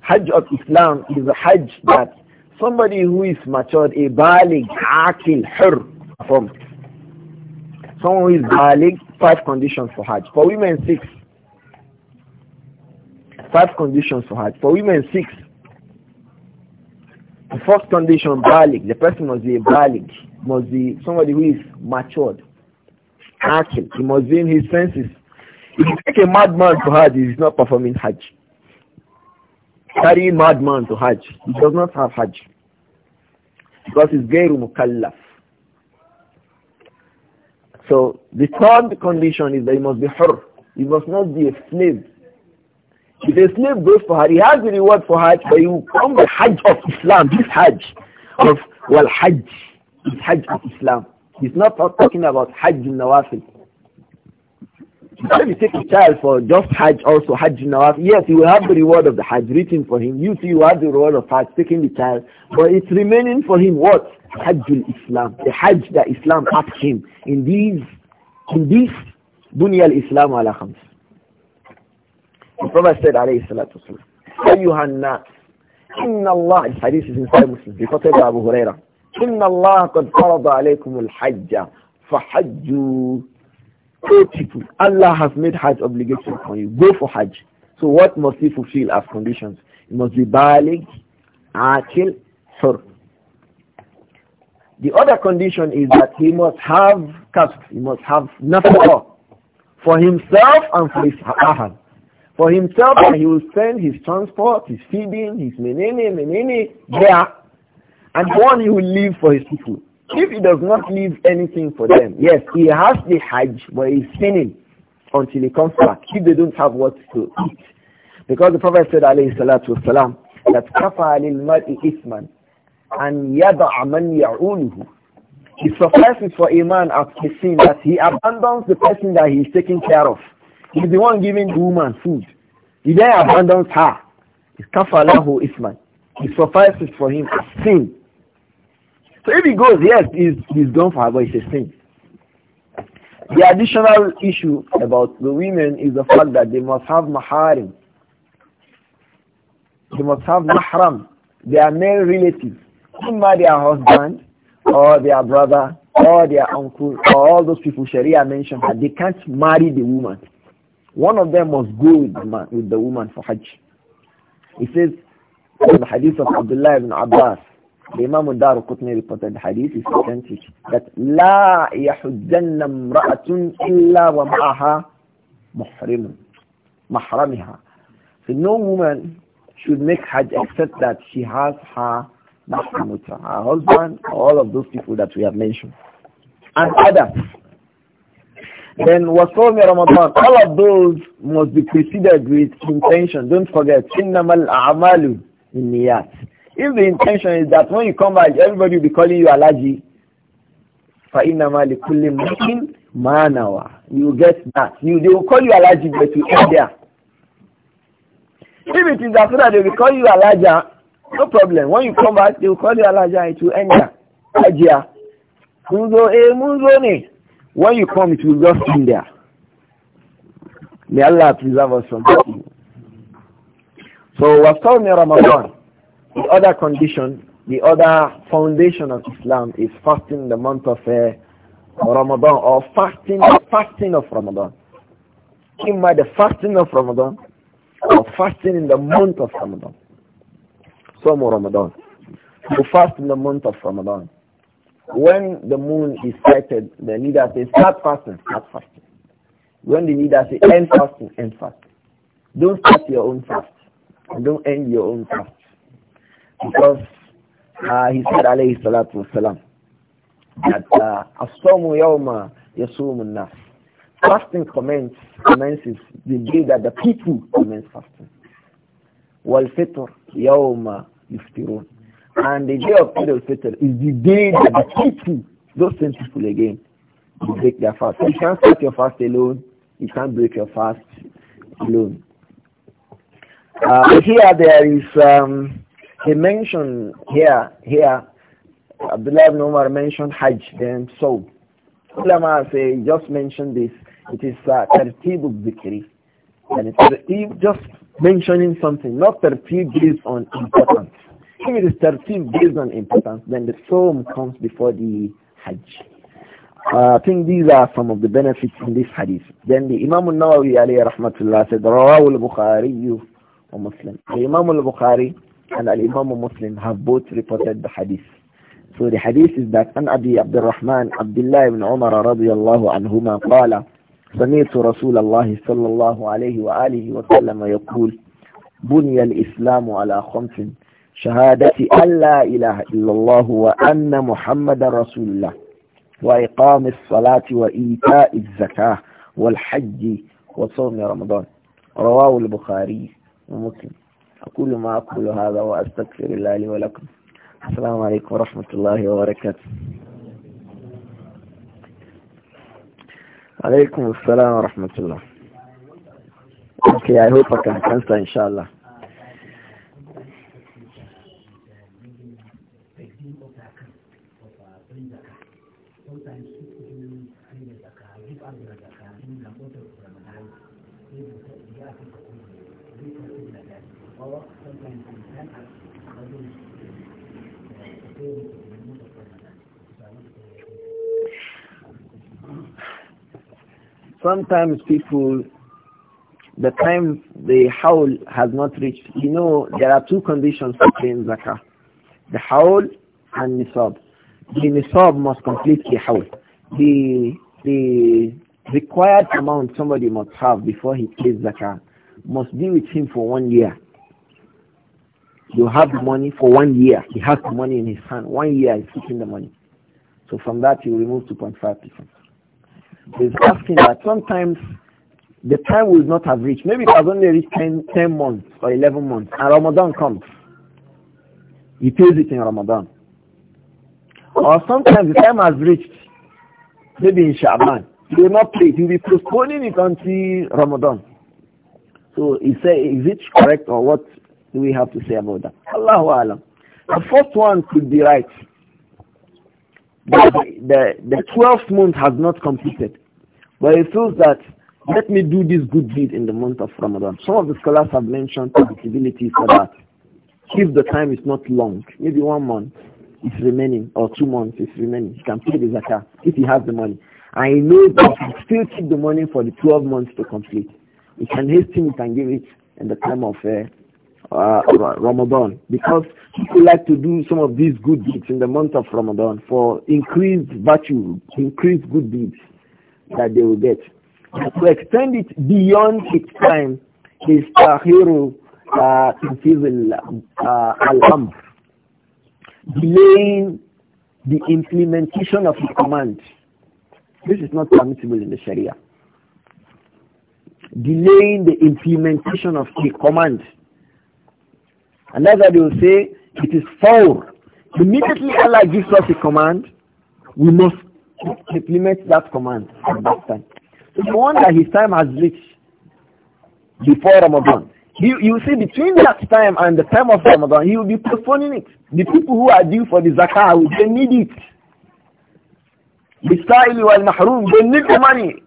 Hajj of Islam is a Hajj that somebody who is matured, a balig, akil, hur, performs. Someone who is balig, five conditions for Hajj. For women, six. Five conditions for Hajj. For women, six. The first condition, balig. The person must be a balig, must be somebody who is matured. Akil. He must be in his senses. It's like a madman to Hajj is not performing Hajj. Carrying madman to Hajj. He does not have Hajj. Because he's Gairu Mukallaf. So the third condition is that he must be hur. He must not be a slave. If a slave goes for Hajj, he has the reward for Hajj, but he will come the Hajj of Islam, this Hajj of well Hajj, this Hajj of Islam. He's not talking about Hajj in Nawafil. Let you take a child for just Hajj also, Hajj now. yes, you will have the reward of the Hajj written for him. You see, you have the reward of Hajj taking the child. But it's remaining for him what? Hajjul Islam. The Hajj that Islam asked him in these, in this Dunya al-Islam ala khams. The Prophet said, alayhi salatu wasalam, Inna Allah إن الله الحديث is inside Muslim reported by Abu Huraira Allah qad قد فرض al الحج فحجوا people. Allah has made Hajj obligatory for you. Go for Hajj. So what must he fulfill as conditions? He must be balig, akil, hur. The other condition is that he must have kasb, he must have nafaqah for himself and for his ahad. For himself, he will spend his transport, his feeding, his menene, menene there. And one he will leave for his people. If he does not leave anything for them, yes, he has the Hajj, but he's sinning until he comes back. If they don't have what to eat, because the Prophet said, alayhi salatu wasalam, that kafa lil mar'i isman and yada'a man ya'uluhu. It suffices for a man at his sin that he abandons the person that he is taking care of. He's the one giving the woman food. He then abandons her. It's kafa lahu isman. It suffices for him as sin. So if he goes, yes, he's, he's gone for her, but it's a sin. The additional issue about the women is the fact that they must have maharim. They must have mahram. They are male relatives. Either their husband, or their brother, or their uncle, or all those people Sharia mentioned that they can't marry the woman. One of them must go with the, man, with the woman for Hajj. It says in the hadith of Abdullah ibn Abbas, الإمام Imam Dar Qutni reported hadith is authentic that لا يحجن امرأة إلا ومعها محرم محرمها. So no woman should make hajj except that she has her mahram her husband, all of those people that we have mentioned. And others. Then wasawmi Ramadan, all of those must be preceded with intention. Don't forget, innamal a'amalu in niyat. If the intention is that when you come back, everybody will be calling you Alaji, فَإِنَّمَا لِكُلِّ مُسْلِمٍ مَانَوَى You get that. You, they will call you Alaji, but you end there. If it is after that they will call you Alaja, no problem. When you come back, they will call you Alaja, it will end there. Alaja. Munzo e eh, munzo ne. When you come, it will just end there. May Allah preserve us from that. So, what's me Ramadan? The other condition, the other foundation of Islam is fasting the month of uh, Ramadan or fasting fasting of Ramadan. i am the fasting of Ramadan or fasting in the month of Ramadan. Some Ramadan. You fast in the month of Ramadan. When the moon is sighted, the leader says, start fasting, start fasting. When the leader says, end fasting, end fasting. Don't start your own fast. And don't end your own fast. Because uh, he said, alayhi salatu wasalam, that uh, asomu yawma yasumun nas. Fasting commence, commences the day that the people commence fasting. Wal fitr yawma yuftirun. And the day of Eid al-Fitr is the day that the people, those same people again, break their fast. you can't start your fast alone. You can't break your fast alone. Uh, here there is um, he mentioned here, here, Abdullah ibn Umar mentioned Hajj, then so. Ulama say, just mention this. It is uh, tertib zikri. And it's just mentioning something, not tertib based on importance. If it is tertib based on importance, then the psalm comes before the Hajj. Uh, I think these are some of the benefits in this hadith. Then the Imam al-Nawawi alayhi rahmatullah said, Rawahu al-Bukhari, you, Muslim. The Imam al-Bukhari and الإمام مسلم have both reported the hadith. So the hadith is that الرحمن عبد الله بن عمر رضي الله عنهما قال سمعت رسول الله صلى الله عليه وآله وسلم يقول بني الإسلام على خمس شهادة أن لا إله إلا الله وأن محمد رسول الله وإقام الصلاة وإيتاء الزكاة والحج وصوم رمضان رواه البخاري ومسلم أقول ما أقول هذا وأستغفر الله لي ولكم السلام عليكم ورحمة الله وبركاته عليكم السلام ورحمة الله Okay, I hope I can answer inshallah. sometimes people, the time the howl has not reached, you know, there are two conditions for paying zakah. The howl and nisab. The nisab must complete the howl. The, the required amount somebody must have before he pays zakah must be with him for one year. You have the money for one year. He has the money in his hand. One year is keeping the money. So from that, you remove 2.5 percent is asking that sometimes the time will not have reached. Maybe it has only reached 10, 10 months or 11 months, and Ramadan comes. He pays it in Ramadan. Or sometimes the time has reached, maybe in Shaban. He will not pay it. He will be postponing it until Ramadan. So he say, is it correct or what do we have to say about that? Allahu Alam. The first one could be right the, the, the 12th month has not completed. But he feels that, let me do this good deed in the month of Ramadan. Some of the scholars have mentioned possibility for that. If the time is not long, maybe one month is remaining, or two months is remaining, he can pay the zakat if he has the money. I know that he still keep the money for the 12 months to complete. He can hasten it and give it in the time of uh, uh, uh, Ramadan because people like to do some of these good deeds in the month of Ramadan for increased virtue, increased good deeds that they will get. To extend it beyond its time is tahiru uh, tanfiz uh, al-amr, delaying the implementation of the command. This is not permissible in the Sharia. Delaying the implementation of the command and that's they will say it is foul. Immediately Allah gives us a command, we must implement that command at that time. So no wonder his time has reached before Ramadan. You, you see, between that time and the time of Ramadan, he will be postponing it. The people who are due for the zakah, they need it. The Sa'ili wal Mahrum, they need the money.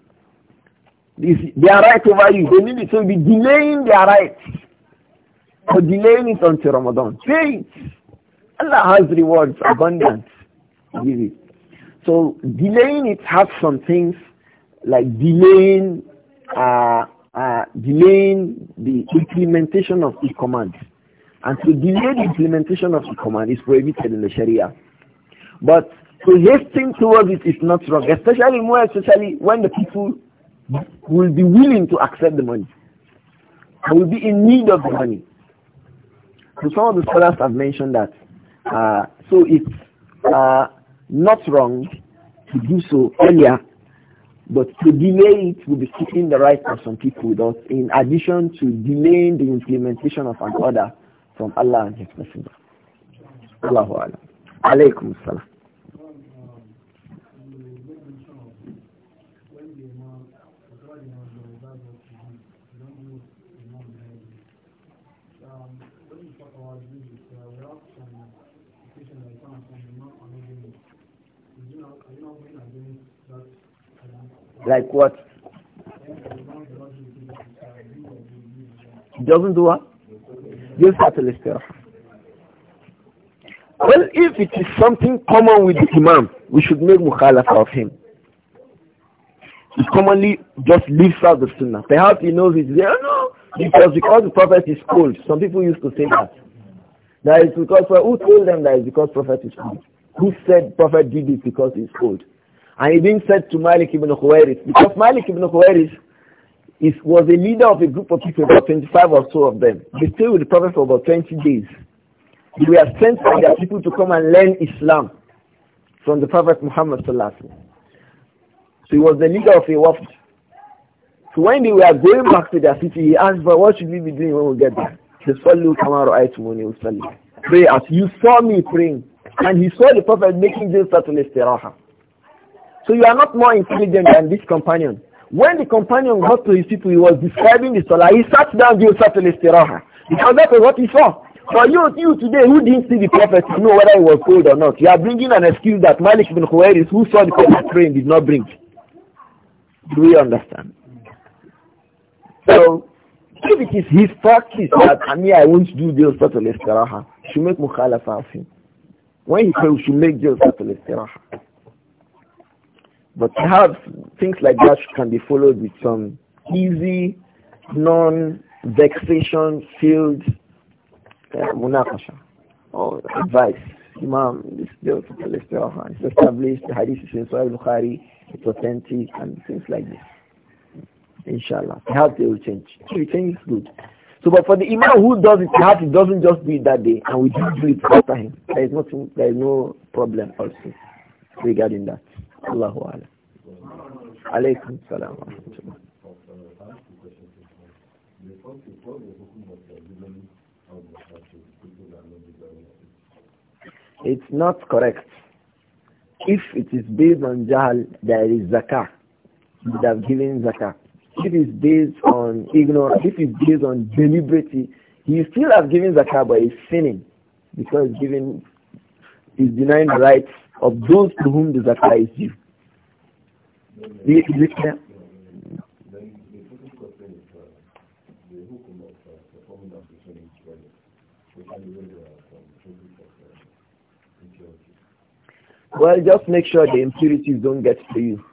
They are right over you, they need it. So he will be delaying their rights for delaying it until Ramadan. Pay Allah has rewards, abundance. Give it. So delaying it has some things like delaying, uh, uh, delaying the implementation of the command. And to delay the implementation of the command is prohibited in the Sharia. But to hasten towards it is not wrong, especially more especially when the people will be willing to accept the money and will be in need of the money. So some of the scholars have mentioned that. Uh, so it's uh, not wrong to do so earlier, but to delay it will be keeping the rights of some people Thus, in addition to delaying the implementation of an order from Allah and His Messenger. Allahu Alaikum salaam Like what? doesn't do what? Just her to Lister. Well, if it is something common with the Imam, we should make mukhalafa of him. He commonly just leaves out the sunnah. Perhaps he knows it's there. No, because because the prophet is cold. Some people used to say that. That is because who told them that is because prophet is cold. Who said prophet did it because he's cold? And it being said to Malik ibn Khuwairis, because Malik ibn Khuwairis is, was a leader of a group of people, about 25 or so of them. They stayed with the Prophet for about 20 days. They were sent by their people to come and learn Islam from the Prophet Muhammad Sallallahu So he was the leader of a waft. So when they were going back to their city, he asked, but what should we be doing when we get there? He said, Pray as you saw me praying. And he saw the Prophet making this Satul Istiraha. So you are not more intelligent than this companion. When the companion got to his people, he was describing the solar. He sat down, gave Satul Istiraha. Because that was what he saw. For you, you today who didn't see the prophet to know whether he was cold or not, you are bringing an excuse that Malik bin Khuwairis, who saw the prophet praying, did not bring. Do we understand? So, if it is his practice that I ah, mean I won't do those sort of istiraha, should make mukhalafa of him. When he says, should make those sort of istiraha. But perhaps things like that can be followed with some easy, non-vexation filled uh, munakasha or advice. Imam, this is the Palestine, it's established, the hadith is in Sahih Bukhari, it's authentic, and things like this. Inshallah. the they will change. If it changes, good. So, but for the imam who does it, perhaps he doesn't just be that day, and we just do it after him. There is nothing, there is no problem also regarding that. Allahu Alam. Alaykum salam wa rahmatullah. It's not correct. If it is based on Jahal, there is Zakah. You have given Zakah. If it's based on ignorance, if it's based on deliberately, he still have given Zakah, but sinning because giving is denying the rights of those to whom the zakah is due. Is it clear? Well, just make sure the impurities don't get to you.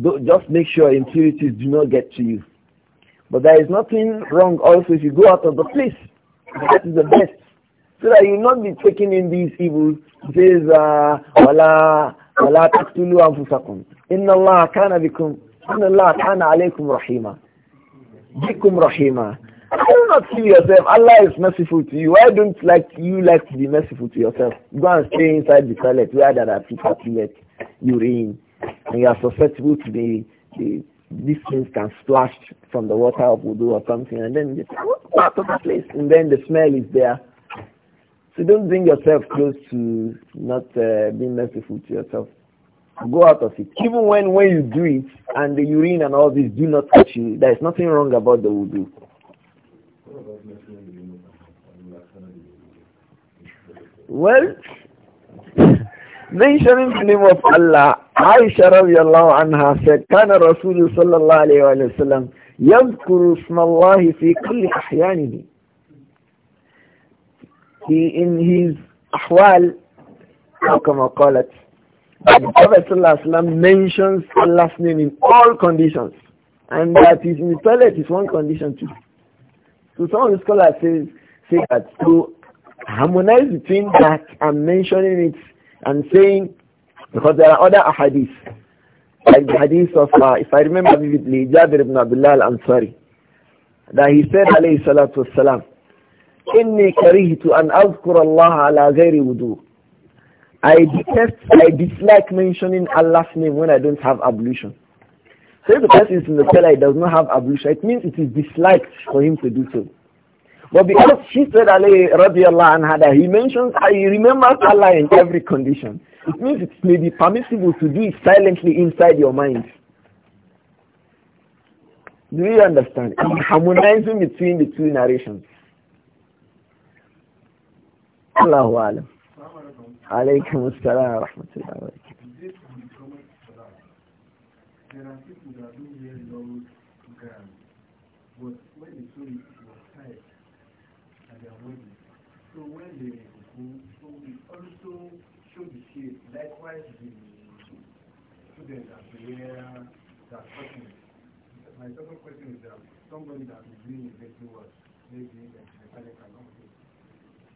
Do, just make sure impurities do not get to you. But there is nothing wrong also if you go out of the place. That is the best. So that you will not be taking in these evils. It says, وَلَا وَلَا تَقْتُلُوا أَنفُسَكُمْ إِنَّ اللَّهَ كَانَ Inna Allah اللَّهَ كَانَ عَلَيْكُمْ رَحِيمًا do not kill yourself. Allah is merciful to you. Why don't like you like to be merciful to yourself? Go and stay inside the toilet where there are people toilet urine and you are susceptible to the, the these things can splash from the water of wudu or something and then just out of the place and then the smell is there. So don't bring yourself close to not uh, being merciful to yourself. Go out of it. Even when, when you do it and the urine and all this do not touch you, there is nothing wrong about the wudu. Well, mentioning the name of Allah, Aisha radiallahu anha said, كان Rasulullah صلى الله عليه وسلم يذكر اسم الله في كل أحيانه he in his ahwal, call it the Prophet ﷺ mentions Allah's name in all conditions. And that is in the toilet is one condition too. So some of the scholars say, say that to harmonize between that and mentioning it and saying, because there are other hadiths, like the hadith of, uh, if I remember vividly, Jabir ibn Abdullah al-Ansari, that he said, alayhi salatu wasalam, إني كرهت أن أذكر الله على غير wudu. I detest, I dislike mentioning Allah's name when I don't have ablution. So if the person is in the prayer, he does not have ablution, it means it is disliked for him to do so. But because she said Ali radiallahu anha that he mentions, he remembers Allah in every condition. It means it may be permissible to do it silently inside your mind. Do you understand? harmonizing between the two narrations. Allahu alam alaikum assalam wa rahmatullahi wa So when they My question is that somebody that is doing a better work, maybe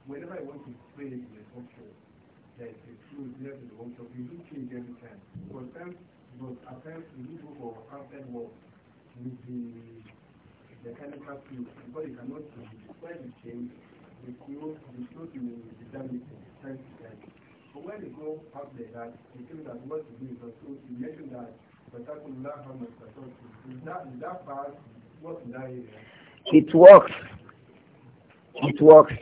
whenever I want to create in the there is a truth left in the workshop. You do change every time. Because times, because at times you do go for outside with the mechanical field because you cannot change. the change, the clothes, the clothes will be damaged time to time. But when you go out there, that you think that what you do is also to mention that not harm is that is that part what in that area. It works. It works.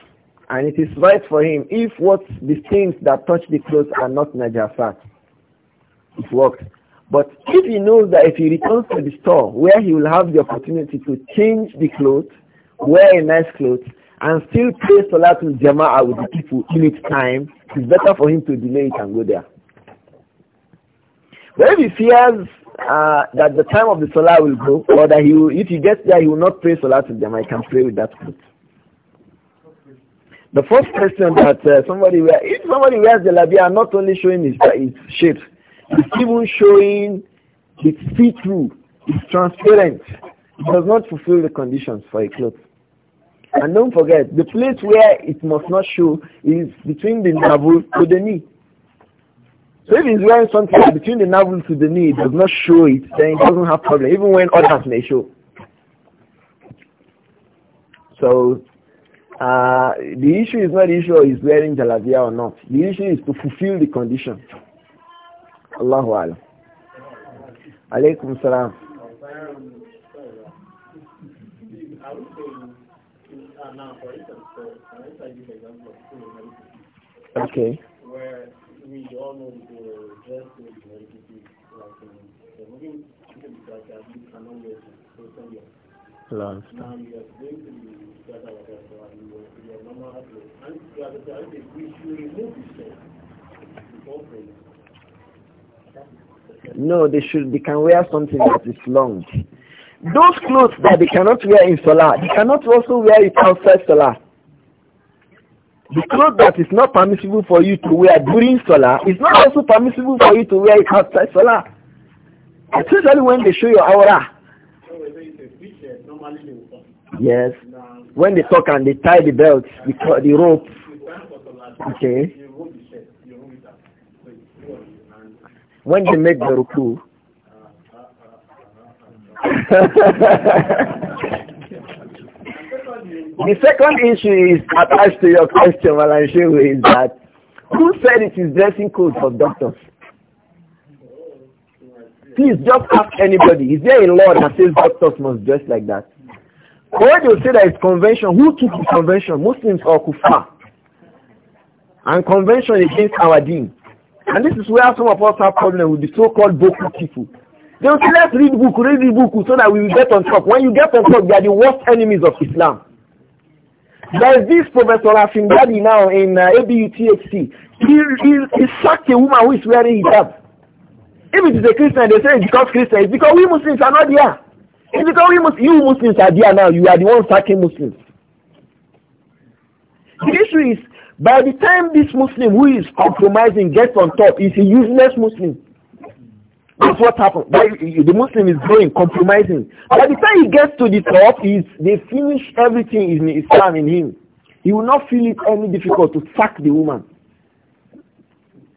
And it is right for him if what the things that touch the clothes are not najasat. It works. But if he knows that if he returns to the store where he will have the opportunity to change the clothes, wear a nice clothes, and still pray Salatul Jama'ah with the people in its time, it's better for him to delay it and go there. But if he fears uh, that the time of the Salah will go, or that he will, if he gets there, he will not pray Salatul Jama'ah, he can pray with that clothes. The first question that uh, somebody wear, if somebody wears the labia, not only showing his, uh, his shape, it's even showing it's see-through, it's transparent. It does not fulfill the conditions for a cloth. And don't forget, the place where it must not show is between the navel to the knee. So if he's wearing something between the navel to the knee, it does not show it, then it doesn't have problem, even when others may show. So uh, the issue is not the issue of is wearing jalabia or not. The issue is to fulfill the condition. Allahu Alam. Alaykum salam. Okay. Where we all know the dress code is very like moving like that, you cannot wear it Now you are going to and remove the No, they should they can wear something that is long. Those clothes that they cannot wear in Salah, they cannot also wear it outside Salah. The clothes that is not permissible for you to wear during Salah is not also permissible for you to wear it outside Salah. Especially when they show your aura. Yes. When they talk and they tie the belt, the, the rope. Okay. When they make the ruku. the second issue is attached to your question, Malanshehu, is that who said it is dressing code for doctors? Please just ask anybody. Is there a law that says doctors must dress like that? When they say that it's convention, who took the convention? Muslims or kuffar? And convention against our deen. And this is where some of us have problem with the so-called Boku people. They will say, let's read book, read the book so that we will get on top. When you get on top, they are the worst enemies of Islam. There is this Professor Afindadi now in uh, ABUTHC. He, he, he sacked a woman who is wearing hijab. If it is a Christian, they say it's because Christian. It's because we Muslims are not here. If because we you Muslims are there now. You are the one attacking Muslims. The issue is, by the time this Muslim who is compromising gets on top, he's a useless Muslim. That's what happened. The Muslim is growing, compromising. By the time he gets to the top, he's, they finish everything in Islam in him. He will not feel it any difficult to sack the woman.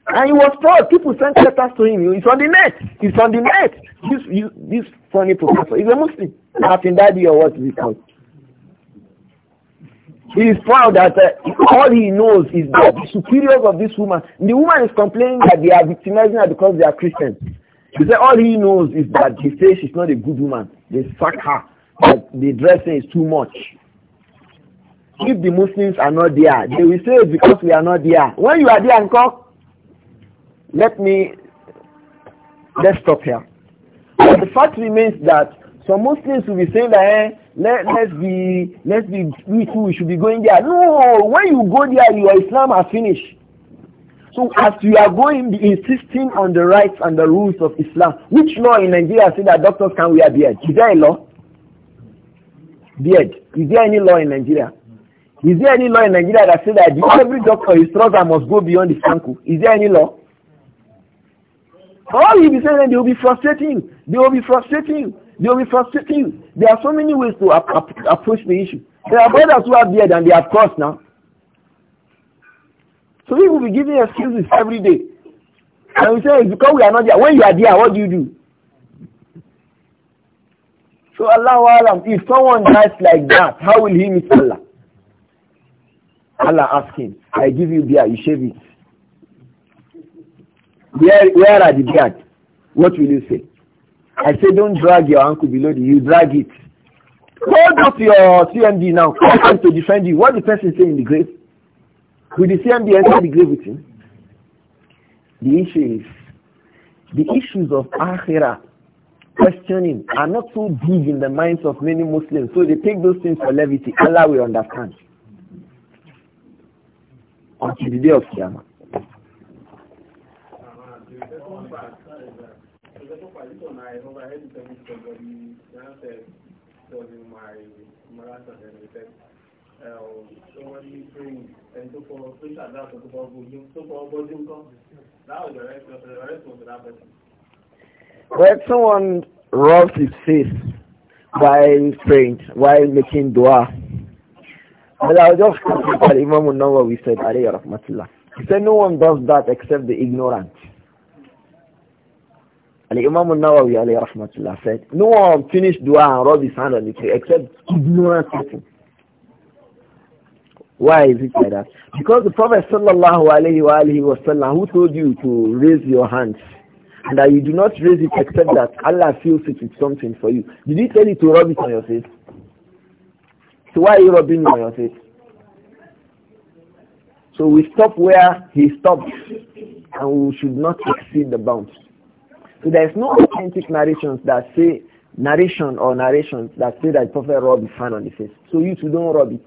And he was proud. People sent letters to him. It's on the net. It's on the net. This you, this funny professor. He's a Muslim. Nothing that year, what is he called? He is proud that uh, all he knows is that the superiors of this woman. The woman is complaining that they are victimizing her because they are Christians. He said all he knows is that he says she's not a good woman. They suck her. the dressing is too much. If the Muslims are not there, they will say it's because we are not there. When you are there and call let me, let's stop here. But the fact remains that some Muslims will be saying that, eh, let, let's be, let's be, we too, we should be going there. No, when you go there, your Islam are finished. So as you are going, be insisting on the rights and the rules of Islam, which law in Nigeria say that doctors can wear beard? Is there a law? Beard. Is there any law in Nigeria? Is there any law in Nigeria that says that every doctor, his trouser must go beyond his ankle? Is there any law? All he will be saying, they will be frustrating you. They will be frustrating you. They will be frustrating you. There are so many ways to ap ap approach the issue. There are brothers who are there and they have crossed now. So we will be giving excuses every day. And we say, because we are not there. When you are there, what do you do? So Allah if someone dies like that, how will he meet Allah? Allah asks him, I give you beer, you shave it. Where, where are the guards? What will you say? I say, don't drag your ankle below the, you drag it. Hold up your CMD now. Come to defend you. What the person say in the grave? Will the CMD enter the grave with him? The issue is, the issues of Akhirah questioning are not so big in the minds of many Muslims. So they take those things for levity. Allah will understand. Until the day of Qiyamah. I remember I had to tell somebody, now said, told me my marathon and he said, uh, somebody praying and so for so that that so for volume so for volume come. That was the rest of the rest of that person. When someone rubs his face while praying, while making dua, but i was just quote what Imam we said, alayhi rahmatullah. He said, no one does that except the ignorant. And Imam nawawi alayhi rahmatullah said, no one finished dua and rub his hand on tree except ignorant people. Why is it like that? Because the Prophet sallallahu alayhi wa alayhi wa sallam, who told you to raise your hands, and that you do not raise it except that Allah fills it with something for you. Did he tell you to rub it on your face? So why are you rubbing it on your face? So we stop where he stopped, and we should not exceed the bounds. So there is no authentic narrations that say narration or narrations that say that the Prophet rubbed his hand on the face. So you too don't rub it.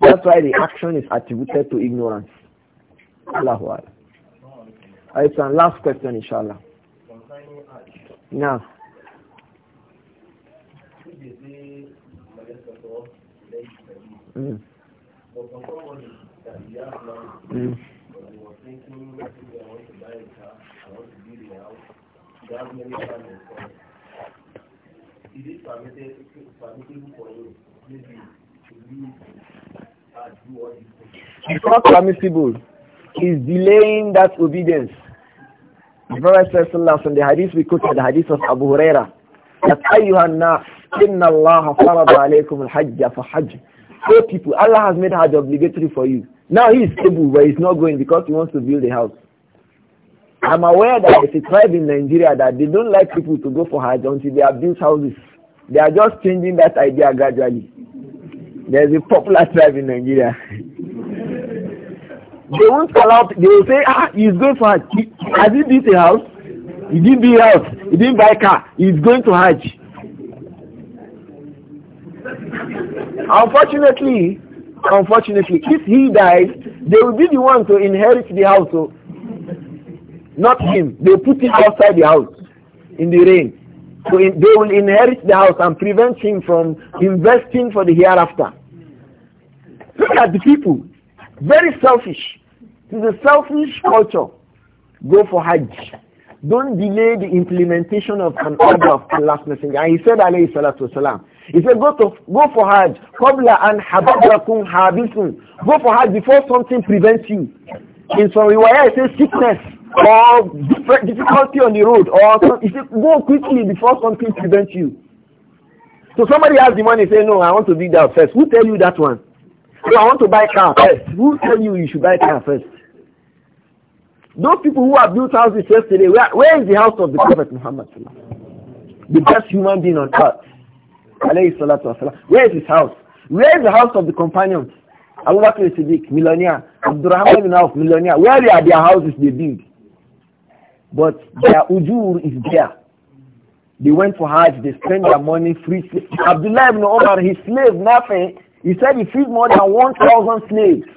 That's why the action is attributed to ignorance. Allahu Akbar. It's our last question, inshallah. Now. Mm. Mm. It's not permissible. He's delaying that obedience. The Prophet Sallallahu from the hadith we quoted, the hadith of Abu Huraira, that ayyuhan inna Allah farada alaykum al-hajja fa hajj. So people, Allah has made Hajj obligatory for you. Now he is able, but he's not going because he wants to build a house. I'm aware that it's a tribe in Nigeria that they don't like people to go for Hajj until they have built houses. They are just changing that idea gradually. There's a popular tribe in Nigeria. they won't allow, they will say, ah, he's going for Hajj. has he built a house? He didn't build a house. He didn't buy a car. He's going to Hajj. unfortunately, unfortunately, if he dies, they will be the one to inherit the house. So not him. They put him outside the house in the rain. So in, they will inherit the house and prevent him from investing for the hereafter. Look at the people. Very selfish. It's a selfish culture. Go for Hajj. Don't delay the implementation of an order of Allah's Messenger. And he said, alayhi salatu wasalam, he said, go, to, go for Hajj. Qabla an habadakum habisun. Go for Hajj before something prevents you. In some way, it says sickness or difficulty on the road, or you go quickly before something prevents you. So somebody has the money, say, no, I want to do that first. Who tell you that one? No, I want to buy car first. Who tell you you should buy car first? Those people who have built houses yesterday, where, where is the house of the Prophet Muhammad? The best human being on earth. Where is his house? Where is the house of the companions? Abu Bakr Siddiq, millionaire. Abdurrahman bin Auf, millionaire. Where are their houses they build? But their ujur is there. They went for Hajj, they spent their money free. Abdullah ibn Omar, his slave, nothing. he said he freed more than 1,000 slaves.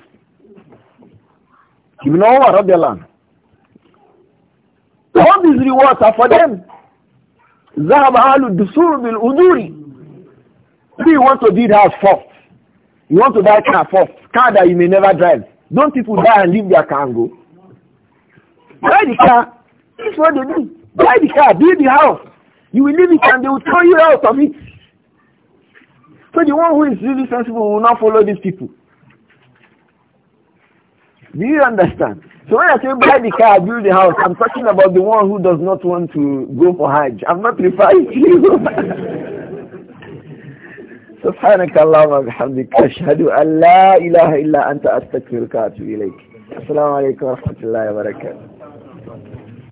Ibn Omar, land. all these rewards are for them. ذهب أهل uduri. Do you want to do that first. You want to buy car first. Car that you may never drive. Don't people die and leave their car and go? Buy the car. This is what they do. Buy the car, build the house. You will leave it and they will throw you out of it. So the one who is really sensible will not follow these people. Do you understand? So when I say buy the car, build the house, I'm talking about the one who does not want to go for Hajj. I'm not referring to you. سبحانك اللهم وبحمدك أشهد أن لا إله إلا أنت أستغفرك وأتوب إليك السلام عليكم ورحمة الله وبركاته